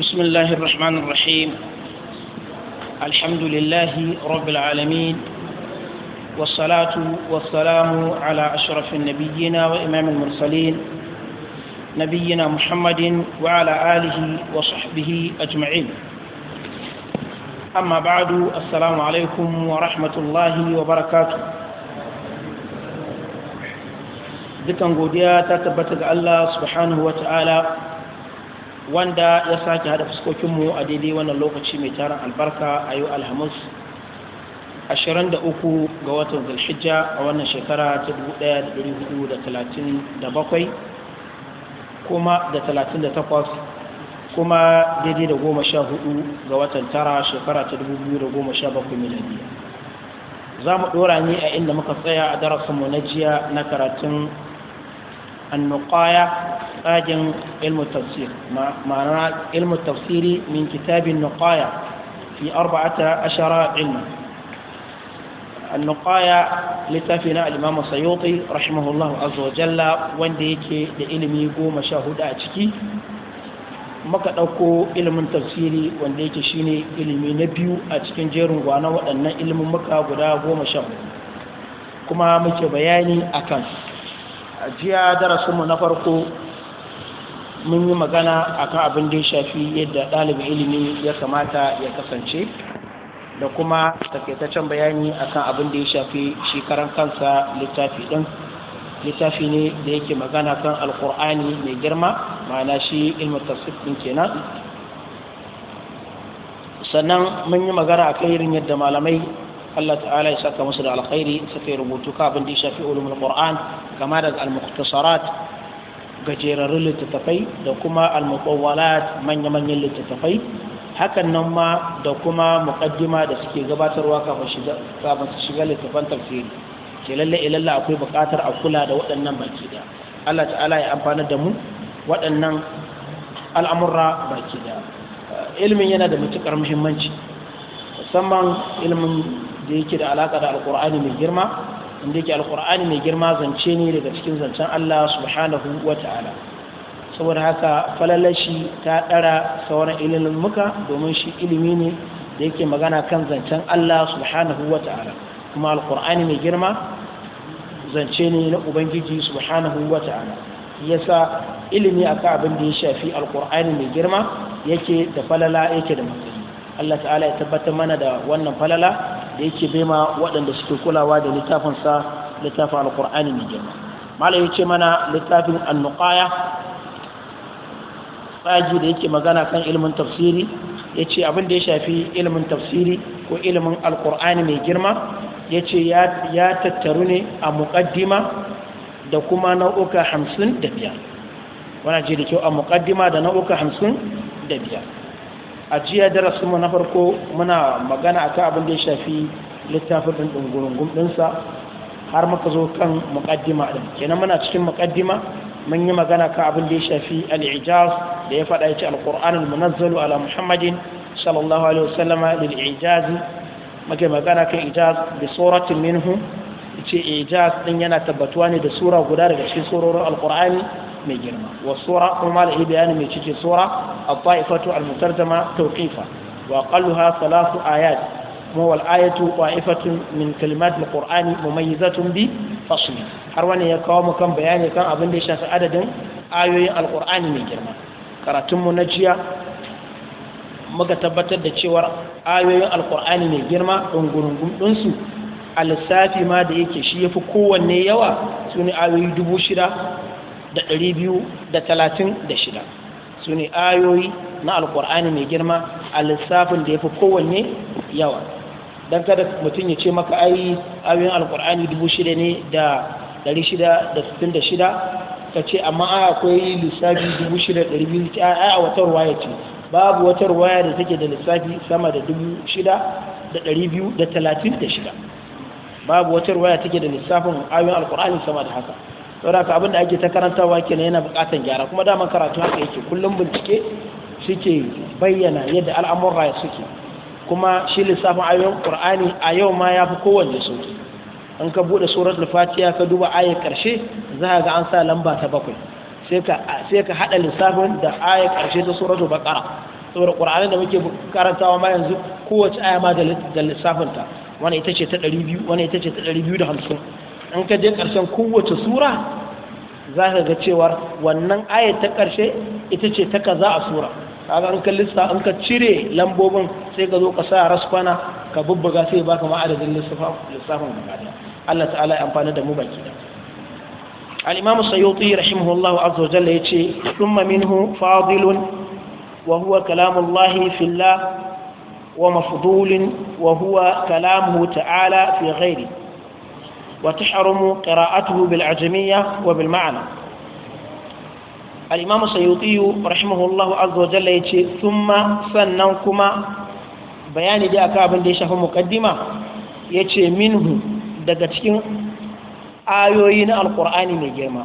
بسم الله الرحمن الرحيم الحمد لله رب العالمين والصلاة والسلام على أشرف النبيين وإمام المرسلين نبينا محمد وعلى آله وصحبه أجمعين أما بعد السلام عليكم ورحمة الله وبركاته dukan godiya ta tabbata ga Allah wanda ya sake hada fuskokinmu a daidai wannan lokaci mai taron albarka a yau alhamis 23 ga watan zulhijja a wannan shekara ta 1437 kuma da 38 kuma daidai da 14 ga watan tara shekara ta 2017 miliyan za mu dora ne a inda muka tsaya a darasinmu na jiya na karatun النقايا قاجن علم التفسير معنى علم التفسير من كتاب النقايا في أربعة عشر علما النقايا لتفنا الإمام السيوطي رحمه الله عز وجل وانديك لإلمي قوم شاهد أتكي maka ɗauko ilimin tafsiri wanda yake shine ilimi na biyu a cikin jerin gwana waɗannan ilimin maka guda goma sha kuma muke bayani a kansu jiya darasinmu na farko mun yi magana akan abin da ya shafi yadda ɗalibin ilimi ya kamata ya kasance da kuma takaitaccen bayani akan abin da ya shafi shekaran kansa littafi ɗin littafi ne da yake magana kan alkur'ani mai girma ma'ana shi ilmin tafsir ɗin kenan sannan mun yi magana akan irin yadda malamai Allah ta'ala ya saka musu da alkhairi suka yi rubutu kafin da ya shafi ulumul qur'an kama da al-mukhtasarat gajerarrun littattafai da kuma al-mutawwalat manya-manyan littattafai hakan nan ma da kuma muqaddima da suke gabatarwa kafin shiga kafin su shiga littafan tafsiri ke lalle ilalla eh, akwai buƙatar a kula da waɗannan baki da Allah ta'ala ya amfana da mu waɗannan al'amurra baki da eh, ilmin yana da matuƙar muhimmanci musamman ilimin da yake da alaka da alkur'ani mai girma inda yake alkur'ani mai girma zance ne daga cikin zancen Allah subhanahu wa ta'ala saboda haka falalashi ta ɗara sauran ilimin muka domin shi ilimi ne da yake magana kan zancen Allah subhanahu wa ta'ala kuma Alƙur'ani mai girma zance ne na ubangiji subhanahu wa ta'ala yasa ilimi akan abin da ya shafi alkur'ani mai girma yake da falala yake da matsayi Allah ta'ala ya tabbatar mana da wannan falala da yake bema waɗanda suke kulawa da littafinsa littafin alkur'ani mai girma malam ya ce mana littafin annuqaya tsaji da yake magana kan ilimin tafsiri ya ce abin da ya shafi ilimin tafsiri ko ilimin alƙur'ani mai girma ya ce ya tattaru ne a muƙaddima da kuma nau'uka hamsin da biyar wana ce kyau a muƙaddima da nau'uka hamsin da biyar a jiya darasin mu na farko muna magana akan abin da ya shafi littafin ɗin dungurungum ɗinsa har muka zo kan muƙaddima. din kenan muna cikin muƙaddima mun yi magana kan abin da ya shafi al-ijaz da ya faɗa ya ce al-qur'an al-munazzalu ala muhammadin sallallahu alaihi wasallama lil ijaz muke magana kan ijaz bi suratin minhu ce ijaz ɗin yana tabbatuwa ne da sura guda daga cikin surorin al-qur'ani mai girma wa sura kuma da bayanin mai cike sura al-ta'ifatu al-mutarjama tawqifa wa aqalluha salatu ayat kuma wal ayatu ta'ifatun min kalimat al-qur'ani mumayyizatun bi fasl har wani ya kawo mu kan bayani kan abin da ya shafi adadin ayoyin al-qur'ani mai girma karatun na jiya muka tabbatar da cewar ayoyin al-qur'ani mai girma dungurungun ɗinsu a lissafi ma da yake shi ya fi kowanne yawa su ne ayoyi dubu shida da ɗari biyu da talatin da shida su ne ayoyi na alkur'ani mai girma a lissafin da ya fi kowanne yawa don kada mutum ya ce maka ayi ayoyin alkur'ani dubu shida ne da ɗari shida da sittin da shida ka ce amma a akwai lissafi dubu shida ɗari biyu a wata ruwaya ce babu wata ruwaya da take da lissafi sama da dubu shida da ɗari biyu da talatin da shida babu wata ruwaya take da lissafin ayoyin alkur'ani sama da haka saboda ka abin da ake ta karantawa kenan yana bukatan gyara kuma daman karatu haka yake kullum bincike suke bayyana yadda al'amurra suke kuma shi lissafin ayoyin qur'ani a yau ma ya fi kowanne sauki in ka bude suratul fatiha ka duba ayar karshe za ka ga an sa lamba ta bakwai sai ka sai ka hada lissafin da ayar karshe ta suratul baqara saboda qur'ani da muke karantawa ma yanzu kowace aya ma da lissafin ta wani ita ce ta 200 wani ita ce ta 250 in ka je ƙarshen kowace sura za ka ga cewar wannan ayat ta ƙarshe ita ce ta kaza a sura kaga in ka lissa in ka cire lambobin sai ka zo ka sa raskwana ka bubbuga sai ba ka ma'adadin lissafin gaba Allah ta'ala ya amfana da mu baki da al-imam sayyuti rahimahullahu azza wa jalla yace thumma minhu fadilun wa huwa kalamullahi fillah wa mafdulun wa huwa kalamuhu ta'ala fi ghairi وتحرم قراءته بالعجمية وبالمعنى الإمام السيوطي رحمه الله عز وجل يتي ثم سننكما بيان دي أكابن دي شهو مقدمة يتي منه daga آيوين القرآن na alkur'ani mai girma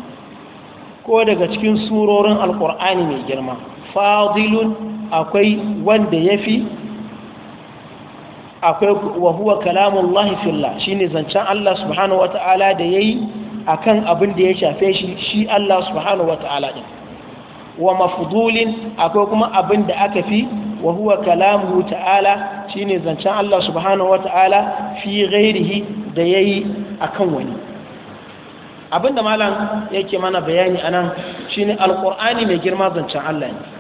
ko daga cikin surorin alkur'ani mai girma fadilun akwai akwai wa huwa kalamullahi fillah shine zancen Allah subhanahu wata'ala da yayi akan abin da ya shafe shi shi Allah subhanahu wata'ala din wa mafdulin akwai kuma abin da aka fi wa huwa ta'ala shine zancen Allah subhanahu wata'ala fi ghairihi da yayi akan wani abin da malam yake mana bayani anan shine alƙur'ani mai girma zancen Allah ne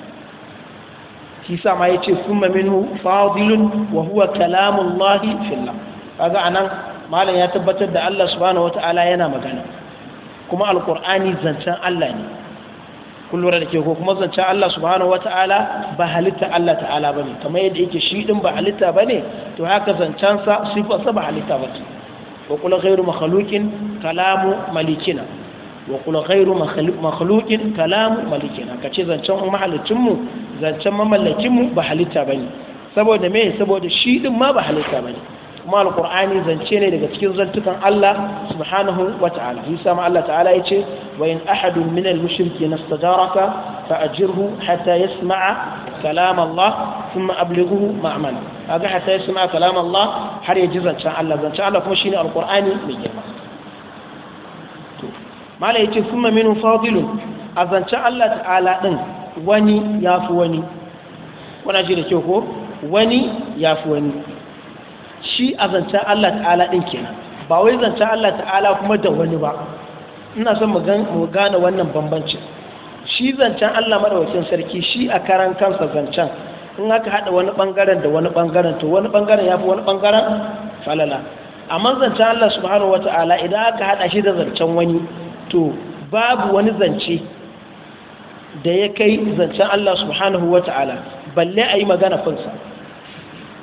shi sa ma yace summa minhu fadilun wa huwa kalamullahi fillah kaga anan malam ya tabbatar da Allah subhanahu wataala yana magana kuma alqur'ani zancen Allah ne kun da ke ko kuma zancen Allah subhanahu wataala ba halitta Allah ta'ala bane kamar yadda yake shi din ba halitta bane to haka zancen sa sifarsa ba halitta bace wa qul ghayru makhluqin kalamu malikina wa kula ghairu makhluqin kalamu malikina kace zancen mahalicinmu zancen mamallakinmu ba halitta ba ne saboda me saboda shi ɗin ma ba halitta ba ne kuma alƙur'ani zance ne daga cikin zantukan Allah subhanahu wa ta'ala yi sama Allah ta'ala ya ce wa in ahadun min al-mushriki nastajaraka fa ajirhu hatta yasma'a kalam Allah sun thumma ablighuhu ma'mana aga hatta yasma'a kalam Allah har ya ji zancen Allah zancen Allah kuma shi shine alƙur'ani mai girma mala sun ma minhu fadilun a zancen Allah ta'ala din wani ya fi wani wana ji da kyau ko wani ya fi wani shi a zancen Allah ta'ala ɗin kenan ba wai zancen Allah ta'ala kuma da wani ba ina son mu gane wannan bambancin shi zancen Allah marawacin sarki shi a karan kansa zancen in aka haɗa wani ɓangaren da wani ɓangaren to wani ɓangaren ya fi wani ɓangaren falala amma zancen Allah subhanahu Ta'ala, idan aka haɗa shi da zancen wani to babu wani zance da ya kai zancen Allah subhanahu wa ta'ala balle a yi magana kunsa?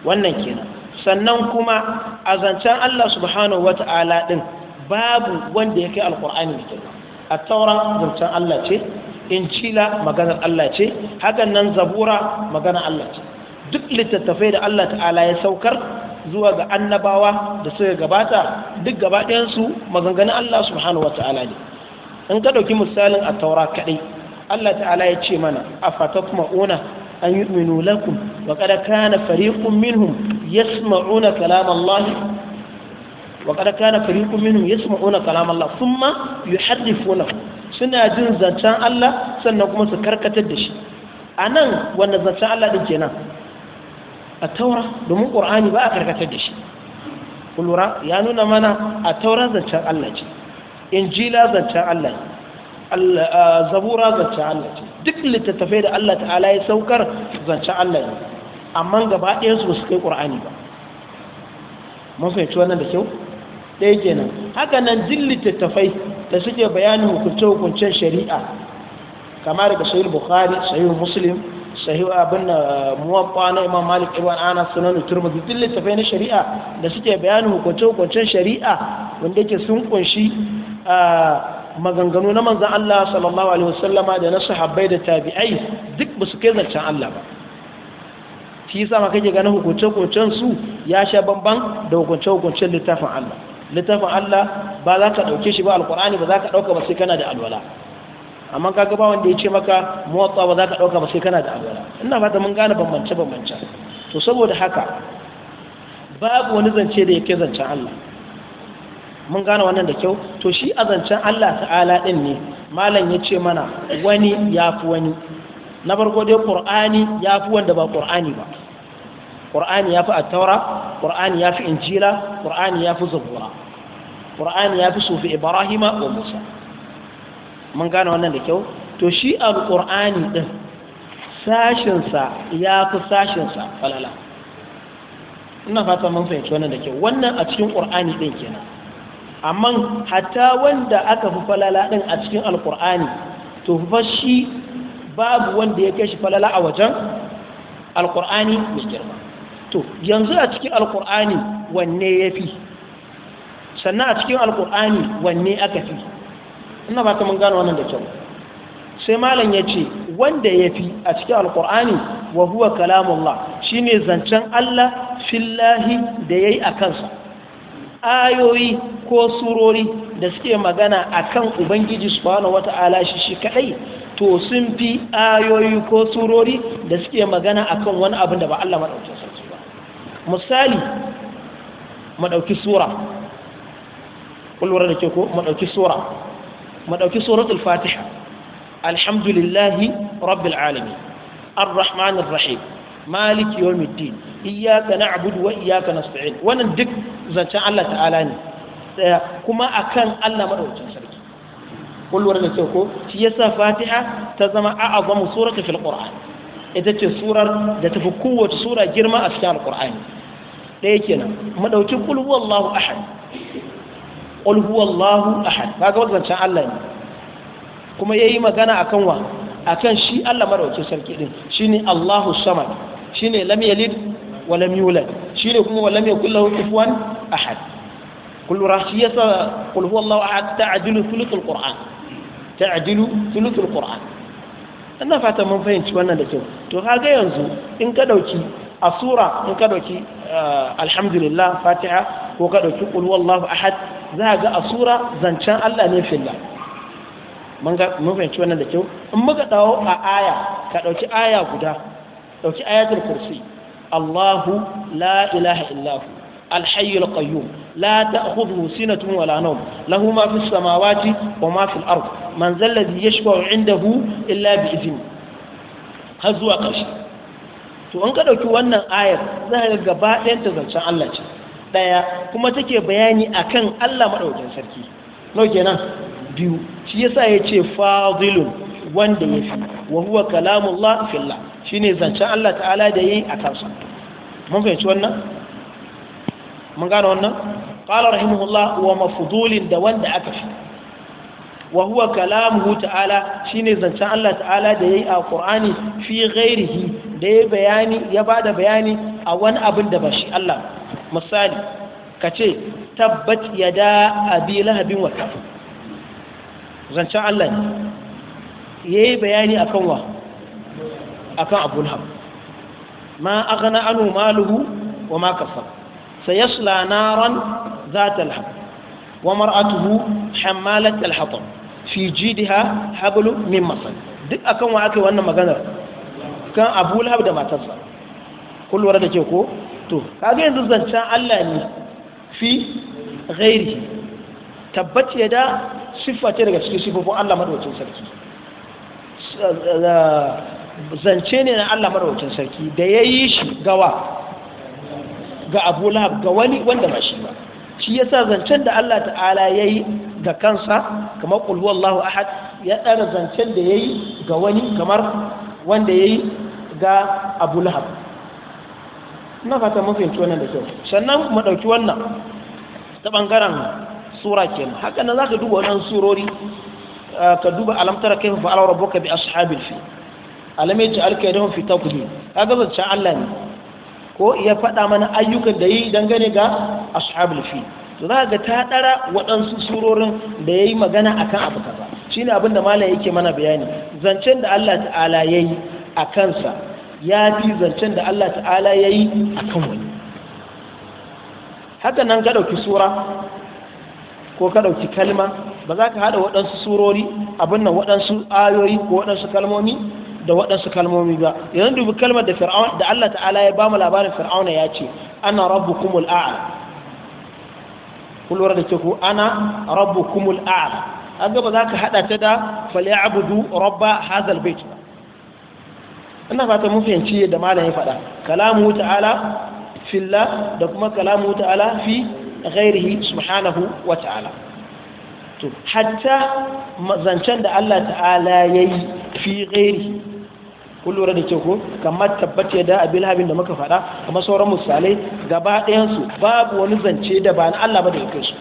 wannan kenan sannan kuma a zancen Allah subhanahu wa ta'ala ɗin babu wanda ya kai alƙur'ani da girma a taura zancen Allah ce injila maganar Allah ce hakan nan zabura maganar Allah ce duk littattafai da Allah ta'ala ya saukar zuwa ga annabawa da suka gabata duk gabaɗayansu ɗayansu maganganun Allah subhanahu wa ta'ala ne in ka ɗauki misalin a taura kaɗai Allah ta'ala ya ce mana a ma'una an yu'minu lakum wa qad kana fariqun minhum yasma'una kalam Allah wa qad kana fariqun minhum yasma'una kalaman Allah thumma yuhaddifunahu suna jin zancen Allah sannan kuma su karkatar da shi A nan wanda zancen Allah din kenan a taura domin qur'ani ba a karkatar da shi kullura ya nuna mana a taura zancen Allah ce injila zancen Allah ne zabura zance Allah ce duk littattafai da Allah ta'ala ya saukar zance Allah ne amma gaba ɗayan su su kai ƙur'ani ba mun fahimci wannan da kyau ɗaya kenan haka nan duk littattafai da suke bayanin hukunce hukuncen shari'a kamar daga sahih bukhari sahih muslim sahih abin muwaffa na imam malik ibn anas sunan turmudi duk littattafai na shari'a da suke bayanin hukunce hukuncen shari'a wanda yake sun kunshi maganganu na manzan Allah sallallahu alaihi wasallama da na sahabbai da tabi'ai duk basu su kai zancen Allah ba shi yasa ma kake ganin hukunce-hukuncen su ya sha bamban da hukunce-hukuncen littafin Allah littafin Allah ba za ka ɗauke shi ba alkur'ani ba za ka ɗauka ba sai kana da alwala amma ka ga ba wanda ya ce maka muwatta ba za ka ɗauka ba sai kana da alwala ina fata mun gane bambance-bambance to saboda haka babu wani zance da yake zancen Allah mun gane wannan da kyau to shi azancen Allah ta'ala din ne malam ya ce mana wani ya fi wani na farko dai qur'ani ya fi wanda ba ƙur'ani ba ƙur'ani ya fi attaura ƙur'ani ya fi injila ƙur'ani ya fi zabura ƙur'ani ya fi sufi ibrahima wa musa mun gane wannan da kyau to shi alƙur'ani sashin sashinsa ya fi sashinsa falala ina fata mun fahimci wannan da kyau wannan a cikin ƙur'ani din kenan amma hatta wanda aka fi falala ɗin a cikin Alƙur'ani, to fa shi babu wanda ya kai shi falala a wajen Alƙur'ani mai girma to yanzu a cikin Alƙur'ani wanne ya fi sannan a cikin Alƙur'ani wanne aka fi ina ba ta mun gano wannan da kyau sai malam ya ce wanda ya fi a cikin Alƙur'ani, wa huwa kalamullah shine zancen Allah fillahi da yayi a kansa ayoyi ko surori da suke magana akan ubangiji subhanahu wata'ala shi shi kadai to sun fi ayoyi ko surori da suke magana akan wani abin da ba Allah madaukakin sarki ba misali madauki sura kullura da ke ko madauki sura madauki suratul fatiha alhamdulillahi rabbil alamin arrahmanir rahim maliki yawmiddin na abudu wa iyyaka nasta'in wannan duk zancen Allah ta'ala ne kuma akan Allah madaukakin sarki kullum da kyau ko shi yasa Fatiha ta zama a a'azamu suratu fil Qur'an ita ce surar da tafi kowace sura girma a cikin Al-Qur'ani ɗaya kenan mu dauki qul huwallahu ahad qul huwallahu ahad kaga wannan zancen Allah ne kuma ya yi magana akan wa akan shi Allah madaukakin sarki din shine Allahu samad shine lam yalid ولم يولد شيلكم ولم يكن له كفوا أحد كل راشية قل هو الله أحد تعدل ثلث القرآن تعدل ثلث القرآن أنا فات من فين شو أنا لسه تهاجي ينزو إن كدوا شيء الصورة إن كدوا شيء آه الحمد لله فاتحة وكدوا شيء قل هو الله أحد ذا جاء الصورة زن شان الله نيف الله من من فين شو أنا لسه أما كتاو آية كدوا شيء آية كده كدوا شيء آية الكرسي الله لا إله إلا هو الحي القيوم لا تأخذه سنة ولا نوم له ما في السماوات وما في الأرض من ذا الذي يشفع عنده إلا har zuwa karshe. to an ka ɗauki wannan ayar za ka gaba ɗayan zancen Allah ɗaya kuma take bayani akan Allah maɗaukin sarki nau kenan biyu shi yasa ya ce fadilun wanda ya fi wa huwa kalamullah fillah shine zancen Allah ta'ala da yi a kansa mun fahimci wannan mun gane wannan qala rahimahullah wa mafudulin da wanda aka fi wa huwa kalamuhu ta'ala shine zancen Allah ta'ala da yi a Qur'ani fi ghairihi da ya bayani ya bada bayani a wani abin da ba shi Allah misali ka ce tabbat yada abi lahabin wa zancen Allah ne ya yi bayani a kan wa a kan abu lahab ma aghna anu maluhu wa ma kasab sayasla naran ذات الحب ومرأته حمالة الحطب fi ha hablu min masal duk akan wa aka wannan maganar kan Abu da matarsa kullu da ke ko to kaga yanzu zancen Allah ne fi ghairi tabbaci da siffa ce daga cikin siffofin Allah madaukakin sarki zance ne na Allah marwacin sarki da ya yi shi gawa ga abu lahab ga wani wanda ba shi ba shi ya sa zancen da Allah ta'ala ya yi ga kansa kamar ƙulhu Allahu ahad ya ɗara zancen da ya yi ga wani kamar wanda ya yi ga abu lahab na fata mafinci wannan da kyau sannan kuma ɗauki wannan ta ɓangaren sura kenan haka na za ka duba wannan surori ka duba alam tara kaifa alawar boka bi ashabil fi alam fita kaydahum fi taqdim kaga ci Allah ne ko ya faɗa mana ayyukan da yi dangane ga ashabul fi to za ga ta dara waɗansu surorin da ya yi magana a kan abu kaza shi ne abinda malam yake mana bayani zancen da Allah ta'ala ya yi a kansa ya fi zancen da Allah ta'ala ya yi a kan wani haka nan ka ɗauki sura ko ka ɗauki kalma ba za ka haɗa waɗansu surori abin nan waɗansu ayoyi ko waɗansu kalmomi da waɗansu kalmomi ba yanzu dubi kalmar da fir'aun da Allah ta'ala ya ba mu labarin fir'auna ya ce ana rabbukumul a'la kullu da ke ku ana rabbukumul a'la aga ba za ka haɗa ta da falyabudu rabba hadhal bait ba ina fata mun fahimci da malamin faɗa kalamu ta'ala filla da kuma kalamu ta'ala fi ghairihi subhanahu wa ta'ala to hatta zancen da Allah ta'ala yayi fi ghairi kun lura da ke ko kamar tabbata da abil habin da muka faɗa kamar sauran misalai gaba ɗayansu babu wani zance da ba Allah ba da ya kai su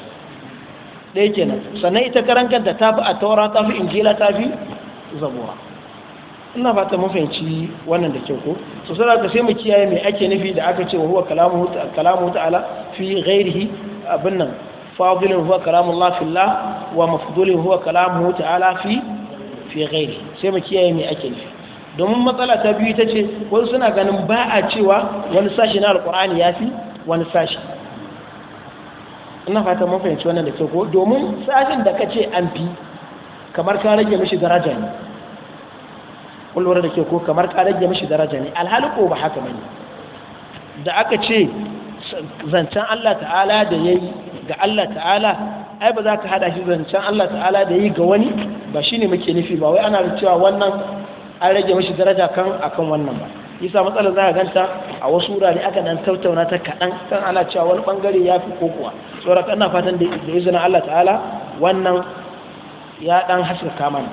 kenan sannan ita karan kanta ta fi a taura ta fi injila ta fi zabura ina fata mun fahimci wannan da kyau ko so sai ka sai mu kiyaye me ake nufi da aka ce wa huwa kalamu kalamu ta'ala fi ghairihi abin nan fadilin huwa kalamullah fillah wa mafdulin huwa kalamuhu ta'ala fi fi ghairi sai mu kiyaye mai ake ne domin matsala ta biyu ita ce wani suna ganin ba a cewa wani sashi na alkur'ani ya fi wani sashi ina fata mun fahimci wannan da ke ko domin sashin da ka ce an fi kamar ka rage mishi daraja ne kullum da ke ko kamar ka rage mishi daraja ne alhali ko ba haka bane da aka ce zancen Allah ta'ala da ya yi ga Allah ta'ala ai ba za ka hada shi zancen Allah ta'ala da ya yi ga wani ba shi ne muke nufi ba wai ana da cewa wannan an rage mashi daraja kan akan wannan ba isa matsala za ka ganta a wasu wurare aka dan tattauna ta kaɗan kan ana cewa wani bangare ya fi kokowa tsoron na fatan da izinin Allah ta'ala wannan ya ɗan haska mana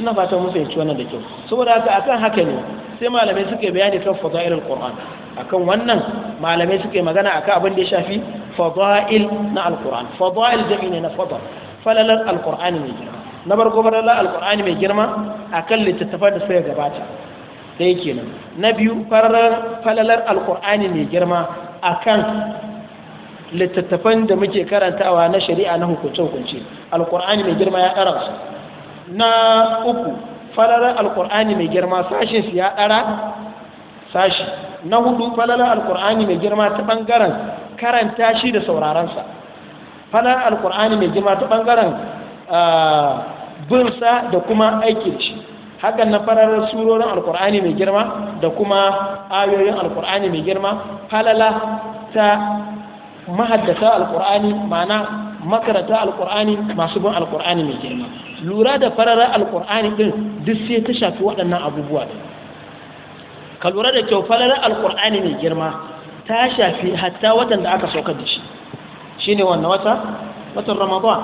ina fatan mun fahimci wannan da kyau saboda haka akan haka ne sai malamai suke bayani kan fadailul qur'an akan wannan malamai suke magana akan abin da ya shafi fadail na alquran fadail jami'i ne na fadal falalar alqur'ani mai girma na farko falalar alqur'ani mai girma akan littattafan da suka gabata ɗaya kenan na biyu falalar alqur'ani mai girma akan littattafan da muke karantawa na shari'a na hukunce-hukunce alqur'ani mai girma ya ɗara na uku falalar alkur'ani mai girma sashin su ya ɗara sashi na hudu falalar alkur'ani mai girma ta ɓangaren karanta shi da saurarensa falalar alkur'ani mai girma ta ɓangaren binsa da kuma aikin shi hakan na fararar surorin alkur'ani mai girma da kuma ayoyin alkur'ani mai girma falala ta mahaddata alkur'ani ma'ana makarata alkur'ani masu bin alkur'ani mai girma lura da fararar alkur'ani din duk sai ta shafi waɗannan abubuwa ka lura da kyau fararar alkur'ani mai girma ta shafi hatta watan da aka saukar da shi shine wannan wata watan ramadan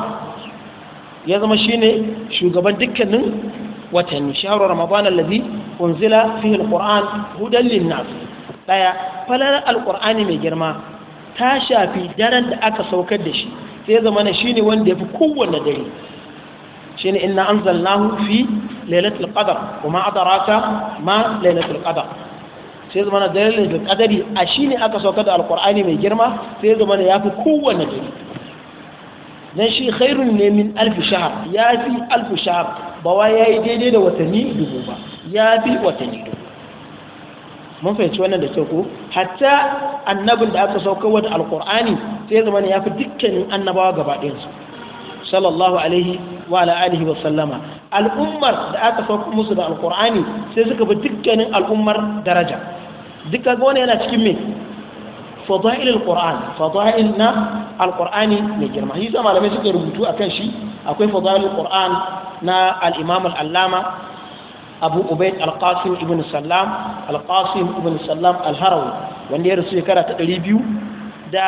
ya zama shine shugaban dukkanin watanni shahru ramadan allazi unzila fihi alquran hudan linnas daya falalar alqur'ani mai girma ta shafi daren da aka saukar da shi sai zama na shine wanda ya fi kowanne dare shi ne ina an zallahu fi lailatul qadar kuma adaraka ma lailatul qadar sai zama na dare lailatul qadari a shi ne aka sauka da alkur'ani mai girma sai zama na ya fi kowanne dare dan shi khairun ne min alfi shahar ya fi alfi shahar ba wa ya yi daidai da watanni dubu ba ya fi watanni dubu mun fahimci wannan da kyau ko hatta annabin da aka sauka wa da alqur'ani sai zama ya fi dukkanin annabawa gaba ɗayansu sallallahu alaihi wa ala alihi wa sallama al'ummar da aka sauka musu da alqur'ani sai suka fi dukkanin al'ummar daraja duka wani yana cikin me fadail alqur'an fadail na alqur'ani mai girma shi malamai suka rubutu akan shi akwai fadail alqur'an na al-imam al-allama abu ubaid alqasim ibn sallam alqasim ibn sallam alharawi wanda ya rasu shekara ta 200 da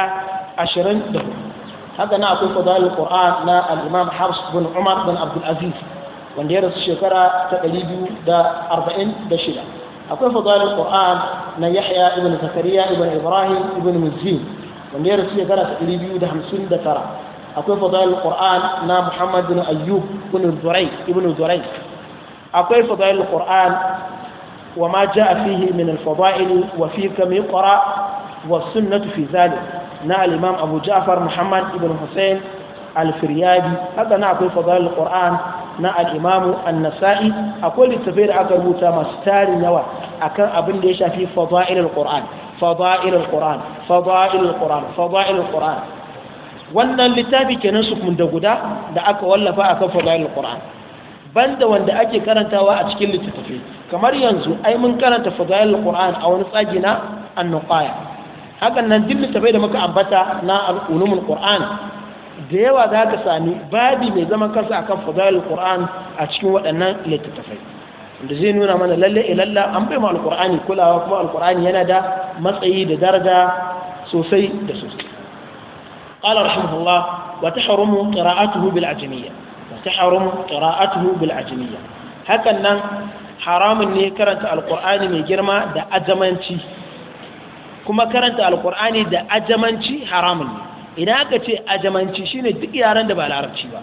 24 haka na akwai fadalul qur'an na al-imam hafs bin umar bin abdul aziz wanda ya rasu shekara ta 246 akwai fadalul qur'an na yahya ibn zakariya ibn ibrahim ibn muzin wanda ya rasu shekara ta 259 akwai fadalul qur'an na muhammad bin ayyub ibn zurai ibn zurai akwai fadailul qur'an wa ma a fihi min al wa fi yi yuqra wa sunnatu fi na al'imam abu ja'far muhammad ibn husayn al haka na akwai fadailul qur'an na al annasa'i akwai littafai da aka rubuta masu tarin yawa akan abin da ya shafi fadailul qur'an fadailul qur'an fadailul qur'an fadailul qur'an wannan littafi kenan su kun da guda da aka wallafa akan fadailul qur'an banda wanda ake karantawa a cikin littattafai kamar yanzu ai mun karanta fadail qur'an a wani tsagi na annuqaya hakan nan duk littattafai da muka ambata na ulumul qur'an da yawa za ka sami babi mai zaman kansa akan fadail qur'an a cikin waɗannan littattafai da zai nuna mana lalle ilalla eh, an bai ma alqur'ani kulawa kuma alqur'ani yana da matsayi da daraja sosai da sosai قال رحمه الله وتحرم قراءته بالعجميه تحرم قراءته بالعجمية هكذا hakan nan haramun ne karanta alqur'ani mai girma da ajamanci kuma karanta alqur'ani da ajamanci haramun ne idan aka ce ajamanci shine duk yaran da ba larabci ba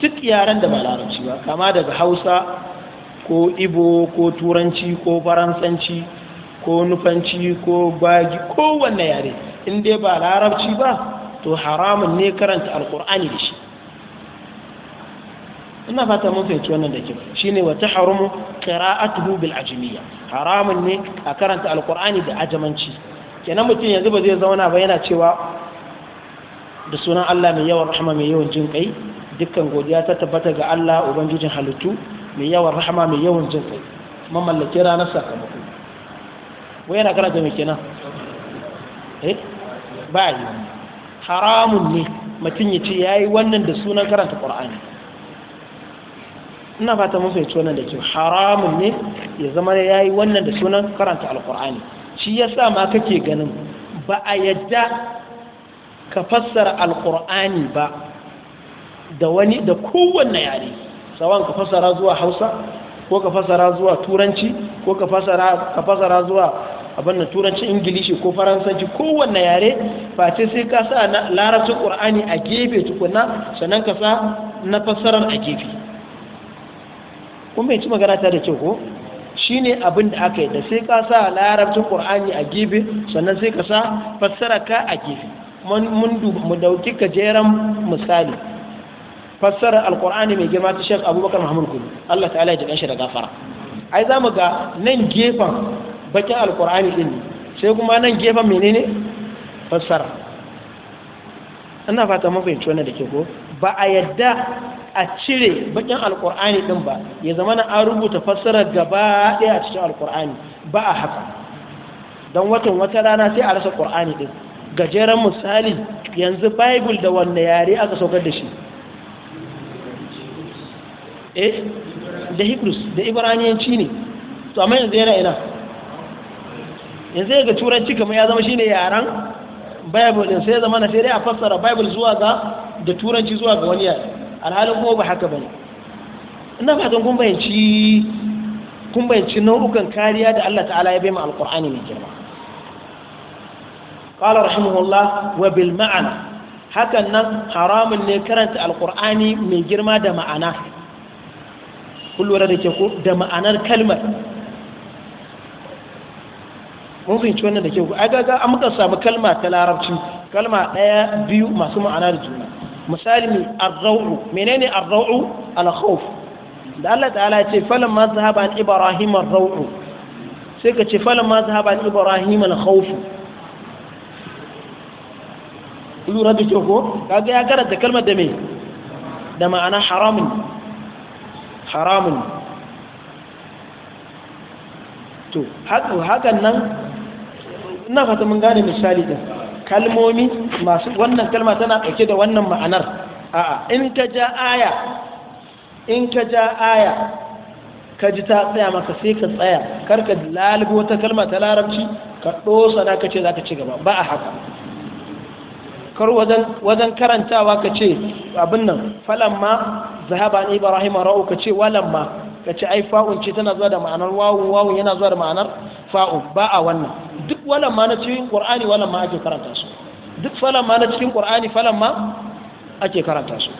duk da ba kama daga Hausa ko Ibo ko Turanci ko Faransanci ko Nufanci ko Bagi ko wanne yare in dai ba larabci ba to haramun ne karanta alqur'ani da shi ina fata mun fahimci wannan da kyau shine wa tahrumu qira'atuhu bil ajmiya haramun ne a karanta alqur'ani da ajamanci kenan mutum yanzu ba zai zauna ba yana cewa da sunan Allah mai yawan rahama mai yawan jin kai dukkan godiya ta tabbata ga Allah ubangijin halittu mai yawan rahama mai yawan jin kai mamallake ranar sakamako wai yana karanta mai kenan eh ba yi haramun ne mutum ya ce yayi wannan da sunan karanta qur'ani ina fata mun fahimci wannan da kyau haramun ne ya zama ya yi wannan da sunan karanta alkur'ani shi ya sa ma kake ganin ba a yadda ka fassara alkur'ani ba da wani da kowanne yare tsawon ka fassara zuwa hausa ko ka fassara zuwa turanci ko ka fassara zuwa abin da turancin ingilishi ko faransanci kowanne yare face sai ka sa larabcin ƙur'ani a gefe tukuna sannan ka sa na fassarar a gefe Kuma bai magana ta da kyau ko ne abin da aka yi da sai ka sa larabcin ƙor'ani a gefe sannan sai ka sa fassara ka a gefe mun mu dauki gajeren misali fassara alƙor'ani mai girma ta shek Abubakar Muhammadu Kudu Allah ta'ala ya jikan shi da gafara ai za mu ga nan gefen bakin alƙor'ani din ne sai kuma nan gefen menene fassara ina fata mun fahimci wannan da ke ko ba a yadda a cire bakin alkur'ani din ba ya zama na an rubuta fassarar gaba ɗaya a cikin alkur'ani ba a haka don watan wata rana sai a rasa ƙur'ani din gajeren misali yanzu bible da wanda yare aka saukar da shi eh da hebrews da ibraniyanci ne to amma yanzu yana ina yanzu ga turanci kamar ya zama shine yaran bible din sai ya zama na sai dai a fassara bible zuwa ga da turanci zuwa ga wani yare alhalin kuma ba haka bane ina fatan kun bayanci nau'ukan kariya da Allah ta'ala ya bai mu alqur'ani mai girma qala rahimahullah wa bil ma'ana hakan nan haramun ne karanta alqur'ani mai girma da ma'ana kullu da ke da ma'anar kalmar mun fahimci wannan da ke ku Ai ga an muka samu kalma ta larabci kalma ɗaya biyu masu ma'ana da juna misali arzau menene arzau al khawf da Allah ta'ala ce falan ma zahaba an ibrahim arzau sai ka ce falan ma zahaba an ibrahim al khawf lura da ko kaga ya da kalmar da me da ma'ana haramun haramun to hakan nan ina fata mun gane misali din kalmomi masu wannan kalma tana ɗauke da wannan ma'anar a'a in ka ja aya in ka ja aya ka ji ta tsaya maka sai ka tsaya kar ka lalibo ta kalma ta larabci ka ɗosa na ka ce za ka ci gaba ba a haka kar wajen karantawa ka ce abin nan falamma zahaba ne ibrahim ra'u ka ce walamma ka ce ai fa'un ce tana zuwa da ma'anar wawun wawun yana zuwa da ma'anar fa'un ba a wannan wannan ma na cikin qur'ani wannan ma ake karanta su duk falan ma na cikin qur'ani falan ma ake karanta su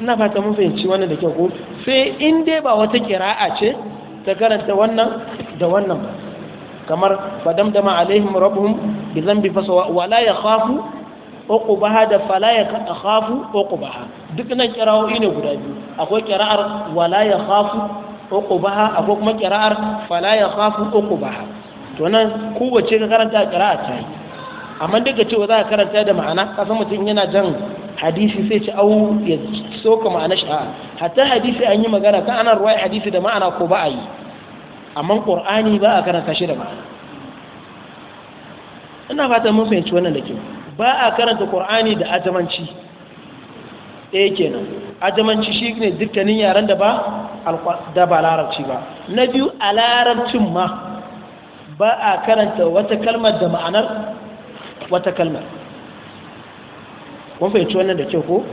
ina fata mun fahimci wannan da kyau ko sai in dai ba wata kira'a ce ta karanta wannan da wannan ba kamar fadamdama alaihim rabbuhum bi dhanbi fasawa wala yakhafu uqubaha da fala ya khafu uqubaha duk nan kira'o'i ne guda biyu akwai kira'ar wala ya khafu uqubaha akwai kuma kira'ar fala ya khafu uqubaha to nan kowace ka karanta a ta yi amma da cewa za ka karanta da ma'ana kasan mutum yana jan hadisi sai ci au ya soka ma'ana sha'a hatta hadisi an yi magana ta ana ruwa hadisi da ma'ana ko ba a yi amma qur'ani ba a karanta shi da ma'ana ina fata mun fahimci wannan da ke ba a karanta ƙur'ani da ajamanci ɗaya kenan ajamanci shi ne dukkanin yaren da ba da ba larabci ba na biyu a larabcin ma ba a karanta wata kalmar da ma'anar wata kalmar mun fahimci wannan da kyau ko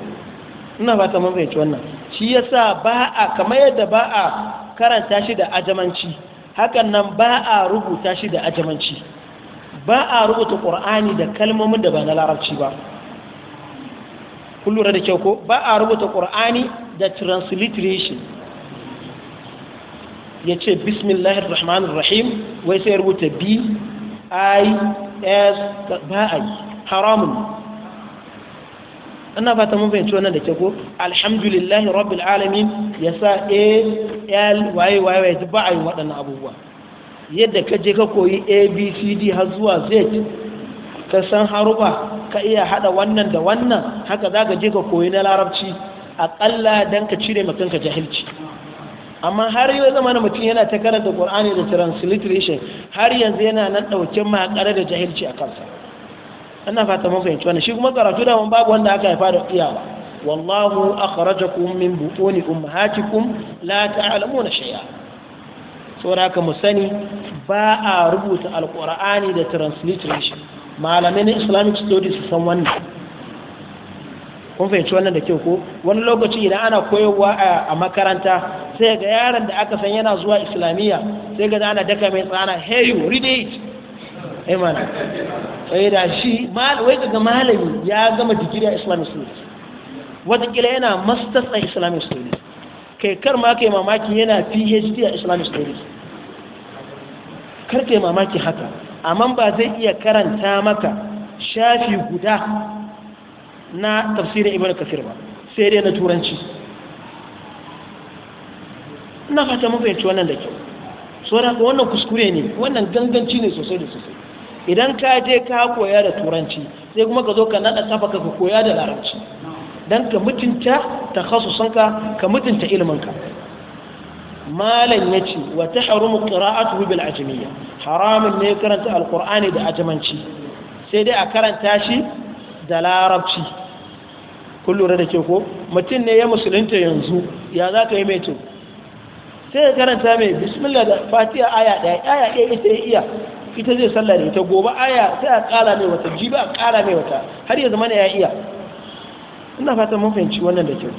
ina ba ta mun fahimci wannan shi sa ba a kamar yadda ba a karanta shi da ajamanci hakan nan ba a rubuta shi da ajamanci ba a rubuta ƙor'ani da kalmomin da ba na larabci ba kun da kyau ko ba a rubuta ƙor'ani da transliteration ya ce bismillahir rahmanir rahim wai sai rubuta b i s ba a yi haramun ana fata mun fahimci wannan da ke ko alhamdulillahi rabbil alamin ya sa a l Y, Y, Y, ba a yi waɗannan abubuwa yadda ka je ka koyi a b c d har zuwa z ka san haruba ka iya haɗa wannan da wannan haka za ka je ka koyi na larabci aƙalla don ka cire makanka jahilci amma har yau zama na mutum yana ta karanta qur'ani da transliteration har yanzu yana nan ɗauke makare da jahilci a kansa ana fata mun fahimci wannan shi kuma karatu da mun babu wanda aka haifa da iyawa wallahu akhrajakum min butuni ummahatikum la ta'lamuna shay'a saboda haka mu sani ba a rubuta alqur'ani da transliteration malamin islamic studies su san wannan kun fahimci wannan da kyau ko wani lokaci idan ana koyarwa a makaranta sai ga yaron da aka san yana zuwa islamiyya sai ga ana daka mai tsana hey you read it eh sai da shi wai ga malami ya gama digiri a islamic studies watakila yana masters a islamic studies kai kar ma kai mamaki yana phd a islamic studies kar kai mamaki haka amma ba zai iya karanta maka shafi guda na tafsirin ibn kasir ba sai dai na turanci ina fata mun fahimci wannan da kyau ko wannan kuskure ne wannan ganganci ne sosai da sosai idan ka je ka koya da turanci sai kuma ka zo ka nada kafa ka koya da larabci dan ka mutunta takhassusanka ka mutunta ilminka malan yace wa tahrumu qira'atuhu bil ajmiyya haramun ne karanta alqur'ani da ajamanci sai dai a karanta shi da larabci kun lura da ke ko mutum ne ya musulunta yanzu ya za ka yi mai to sai ya karanta mai bismillah da fatiha aya ɗaya aya ɗaya ita ya iya ita zai sallah ne Ta gobe aya sai a ƙala mai wata jibi a ƙala mai wata har ya zama ya iya ina fatan mun fahimci wannan da kyau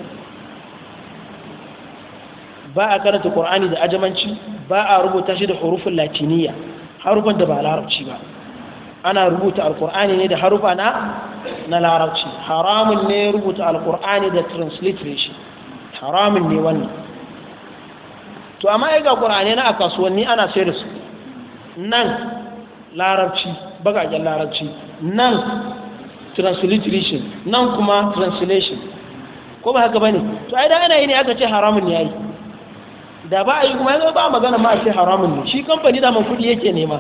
ba a karanta qur'ani da ajamanci ba a rubuta shi da hurufin latiniya harufan da ba larabci ba ana rubuta alqur'ani ne da harufa na na larabci haramun ne rubuta alkur'ani da transliteration haramun ne wannan to amma ya ga kur'ani na a kasuwanni ana sayar da su nan larabci bagajen larabci nan transliteration nan kuma translation ko ba haka bane to ai da ana yi ne aka ce haramun ne yi da ba a yi kuma yanzu ba magana ma a ce haramun ne shi kamfani da man kudi yake nema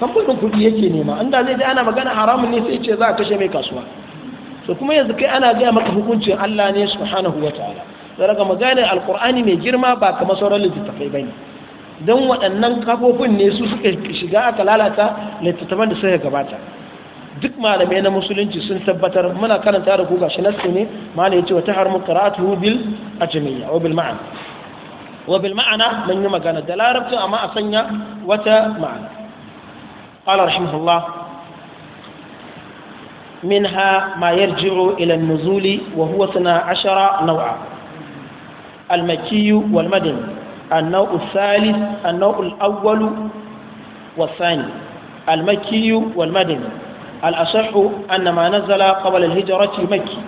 kamfanin kuɗi yake nema an da zai ana magana haramun ne sai ce za a kashe mai kasuwa so kuma yanzu kai ana gaya maka hukuncin Allah ne subhanahu wa ta'ala da daga magana alkur'ani mai girma ba kamar sauran littattafai bane don waɗannan kafofin ne su suka shiga aka lalata littattafan da suka gabata duk malamai na musulunci sun tabbatar muna karanta da ku gashi nasu ne malai yace wata harmu karatu bil ajmiya wa bil ma'ana wa bil ma'ana mun yi magana da larabcin amma a sanya wata ma'ana قال رحمه الله منها ما يرجع إلى النزول وهو اثنا عشر نوعا المكي والمدني النوع الثالث النوع الأول والثاني المكي والمدني الأصح أن ما نزل قبل الهجرة مكي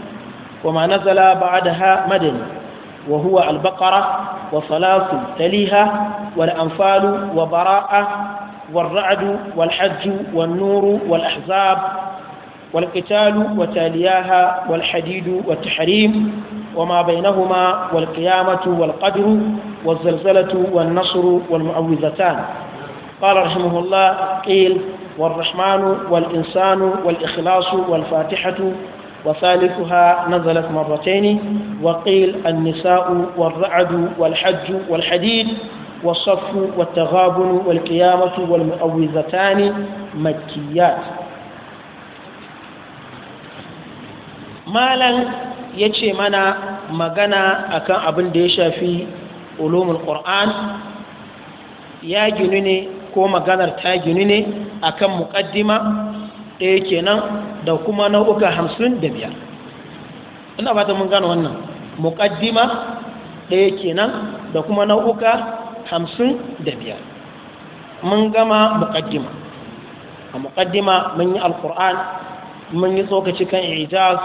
وما نزل بعدها مدني وهو البقرة وصلاة تليها والأنفال وبراءة والرعد والحج والنور والأحزاب والقتال وتالياها والحديد والتحريم وما بينهما والقيامة والقدر والزلزلة والنصر والمعوذتان قال رحمه الله قيل والرحمن والإنسان والإخلاص والفاتحة وثالثها نزلت مرتين وقيل النساء والرعد والحج والحديد والصف والتغابن والقيامة والمؤوزتان مكيات مالا يتشي منا مغانا أكان أبن ديشا في علوم القرآن يا جنيني ko maganar ta gini ne akan muƙaddima ɗaya kenan da kuma nau'uka hamsin da biyar ina ba ta mun gano wannan muƙaddima ɗaya kenan da kuma nau'uka hamsin da biyar mun gama muƙaddima a muƙaddima mun yi alƙur'an mun yi tsokaci kan ijaz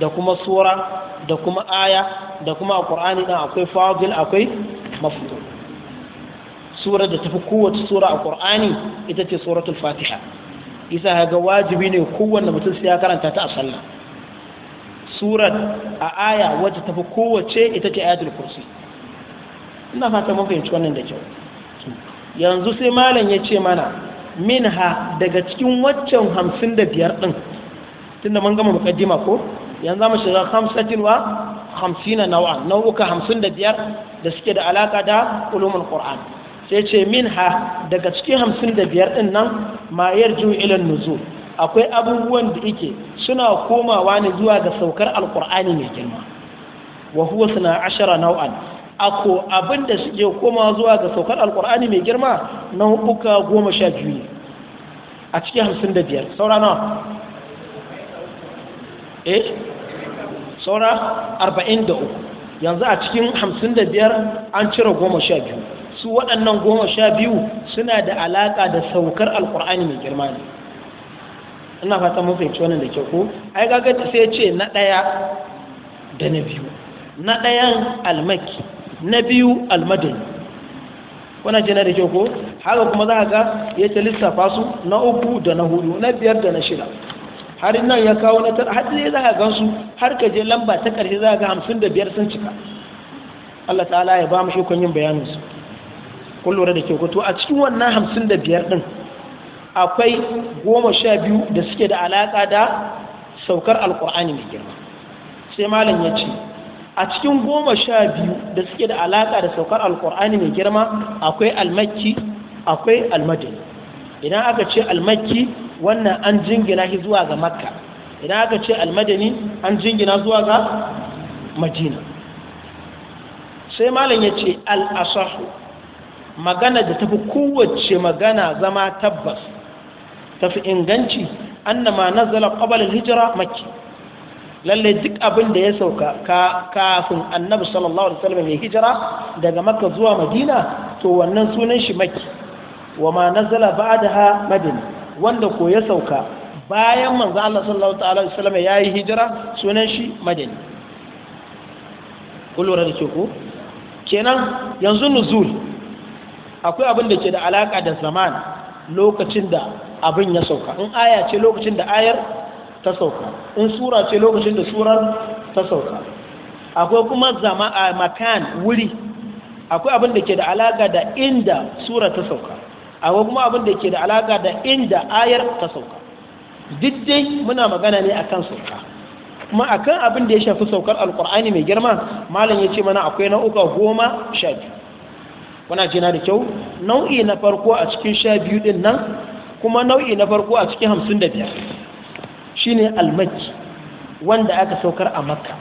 da kuma sura da kuma aya da kuma a ƙur'ani akwai fadil akwai mafuto sura da tafi kowace sura a ita ce suratul fatiha isa ga wajibi ne kowanne mutum sai ya karanta ta a sallah surar a aya wacce tafi kowace ita ce ayatul kursi ina fata mun fahimci wannan da kyau yanzu sai malam ya ce mana min ha daga cikin waccan hamsin da biyar ɗin tunda mun gama mukaddima ko yanzu mu shiga hamsatin wa hamsina nawa nau'uka hamsin da biyar da suke da alaka da ulumul qur'an sai ce min ha daga cikin hamsin da biyar ɗin nan ma yarju ilan nuzul akwai abubuwan da yake suna komawa ne zuwa ga saukar alqur'ani mai girma wa huwa suna nau'an ako abin da suke koma zuwa ga saukar alkur'ani mai girma na hukuka goma sha biyu ne a cikin hamsin da biyar saura na eh saura arba'in da uku yanzu a cikin hamsin da biyar an cire goma sha biyu su waɗannan goma sha biyu suna da alaƙa da saukar alkur'ani mai girma ne ina fata mun fahimci wannan da ke ko ai gaggata sai ce na ɗaya da na biyu na ɗayan almaki na biyu almadani wannan jina da kyau ko haka kuma za a ga ya ta lissafa su na uku da na hudu na biyar da na shida har nan ya kawo na haɗin hadin za a gansu har ka je lamba ta ƙarshe za a ga hamsin da biyar sun cika Allah ta'ala ya ba mu shi yin bayaninsu, kullum kun lura da kyau to a cikin wannan hamsin da biyar din akwai goma sha biyu da suke da alaƙa da saukar alƙur'ani mai girma sai malam ya ce a cikin goma sha biyu da suke da alaƙa da saukar alƙur'ani mai girma akwai almakki akwai almadani idan aka ce almakki wannan an jingina shi zuwa ga makka idan aka ce almadani an jingina zuwa ga madina sai malam ya ce al'asahu magana da tafi kowace magana zama tabbas tafi inganci annama nazala qabala hijira makki lalle duk abin da ya sauka kafin annabi sallallahu alaihi wasallam ya hijira daga makka zuwa madina to wannan sunan shi makki wa ma nazala ba'daha madina wanda ko ya sauka bayan manzo Allah sallallahu alaihi wasallam ya yi hijira sunan shi madina kullu da ku kenan yanzu nuzul akwai abin da ke da alaka da zaman lokacin da abin ya sauka in aya ce lokacin da ayar ta sauka in sura ce lokacin da surar ta sauka akwai kuma zama a makan wuri akwai abin da ke da alaka da inda sura ta sauka akwai kuma abin da ke da alaka da inda ayar ta sauka duk muna magana ne akan sauka kuma akan abin da ya shafi saukar alkur'ani mai girma malam ya ce mana akwai nau'uka goma sha biyu kuna na da kyau nau'i na farko a cikin sha biyu din nan kuma nau'i na farko a cikin hamsin da biyar shine almakki wanda aka saukar a makka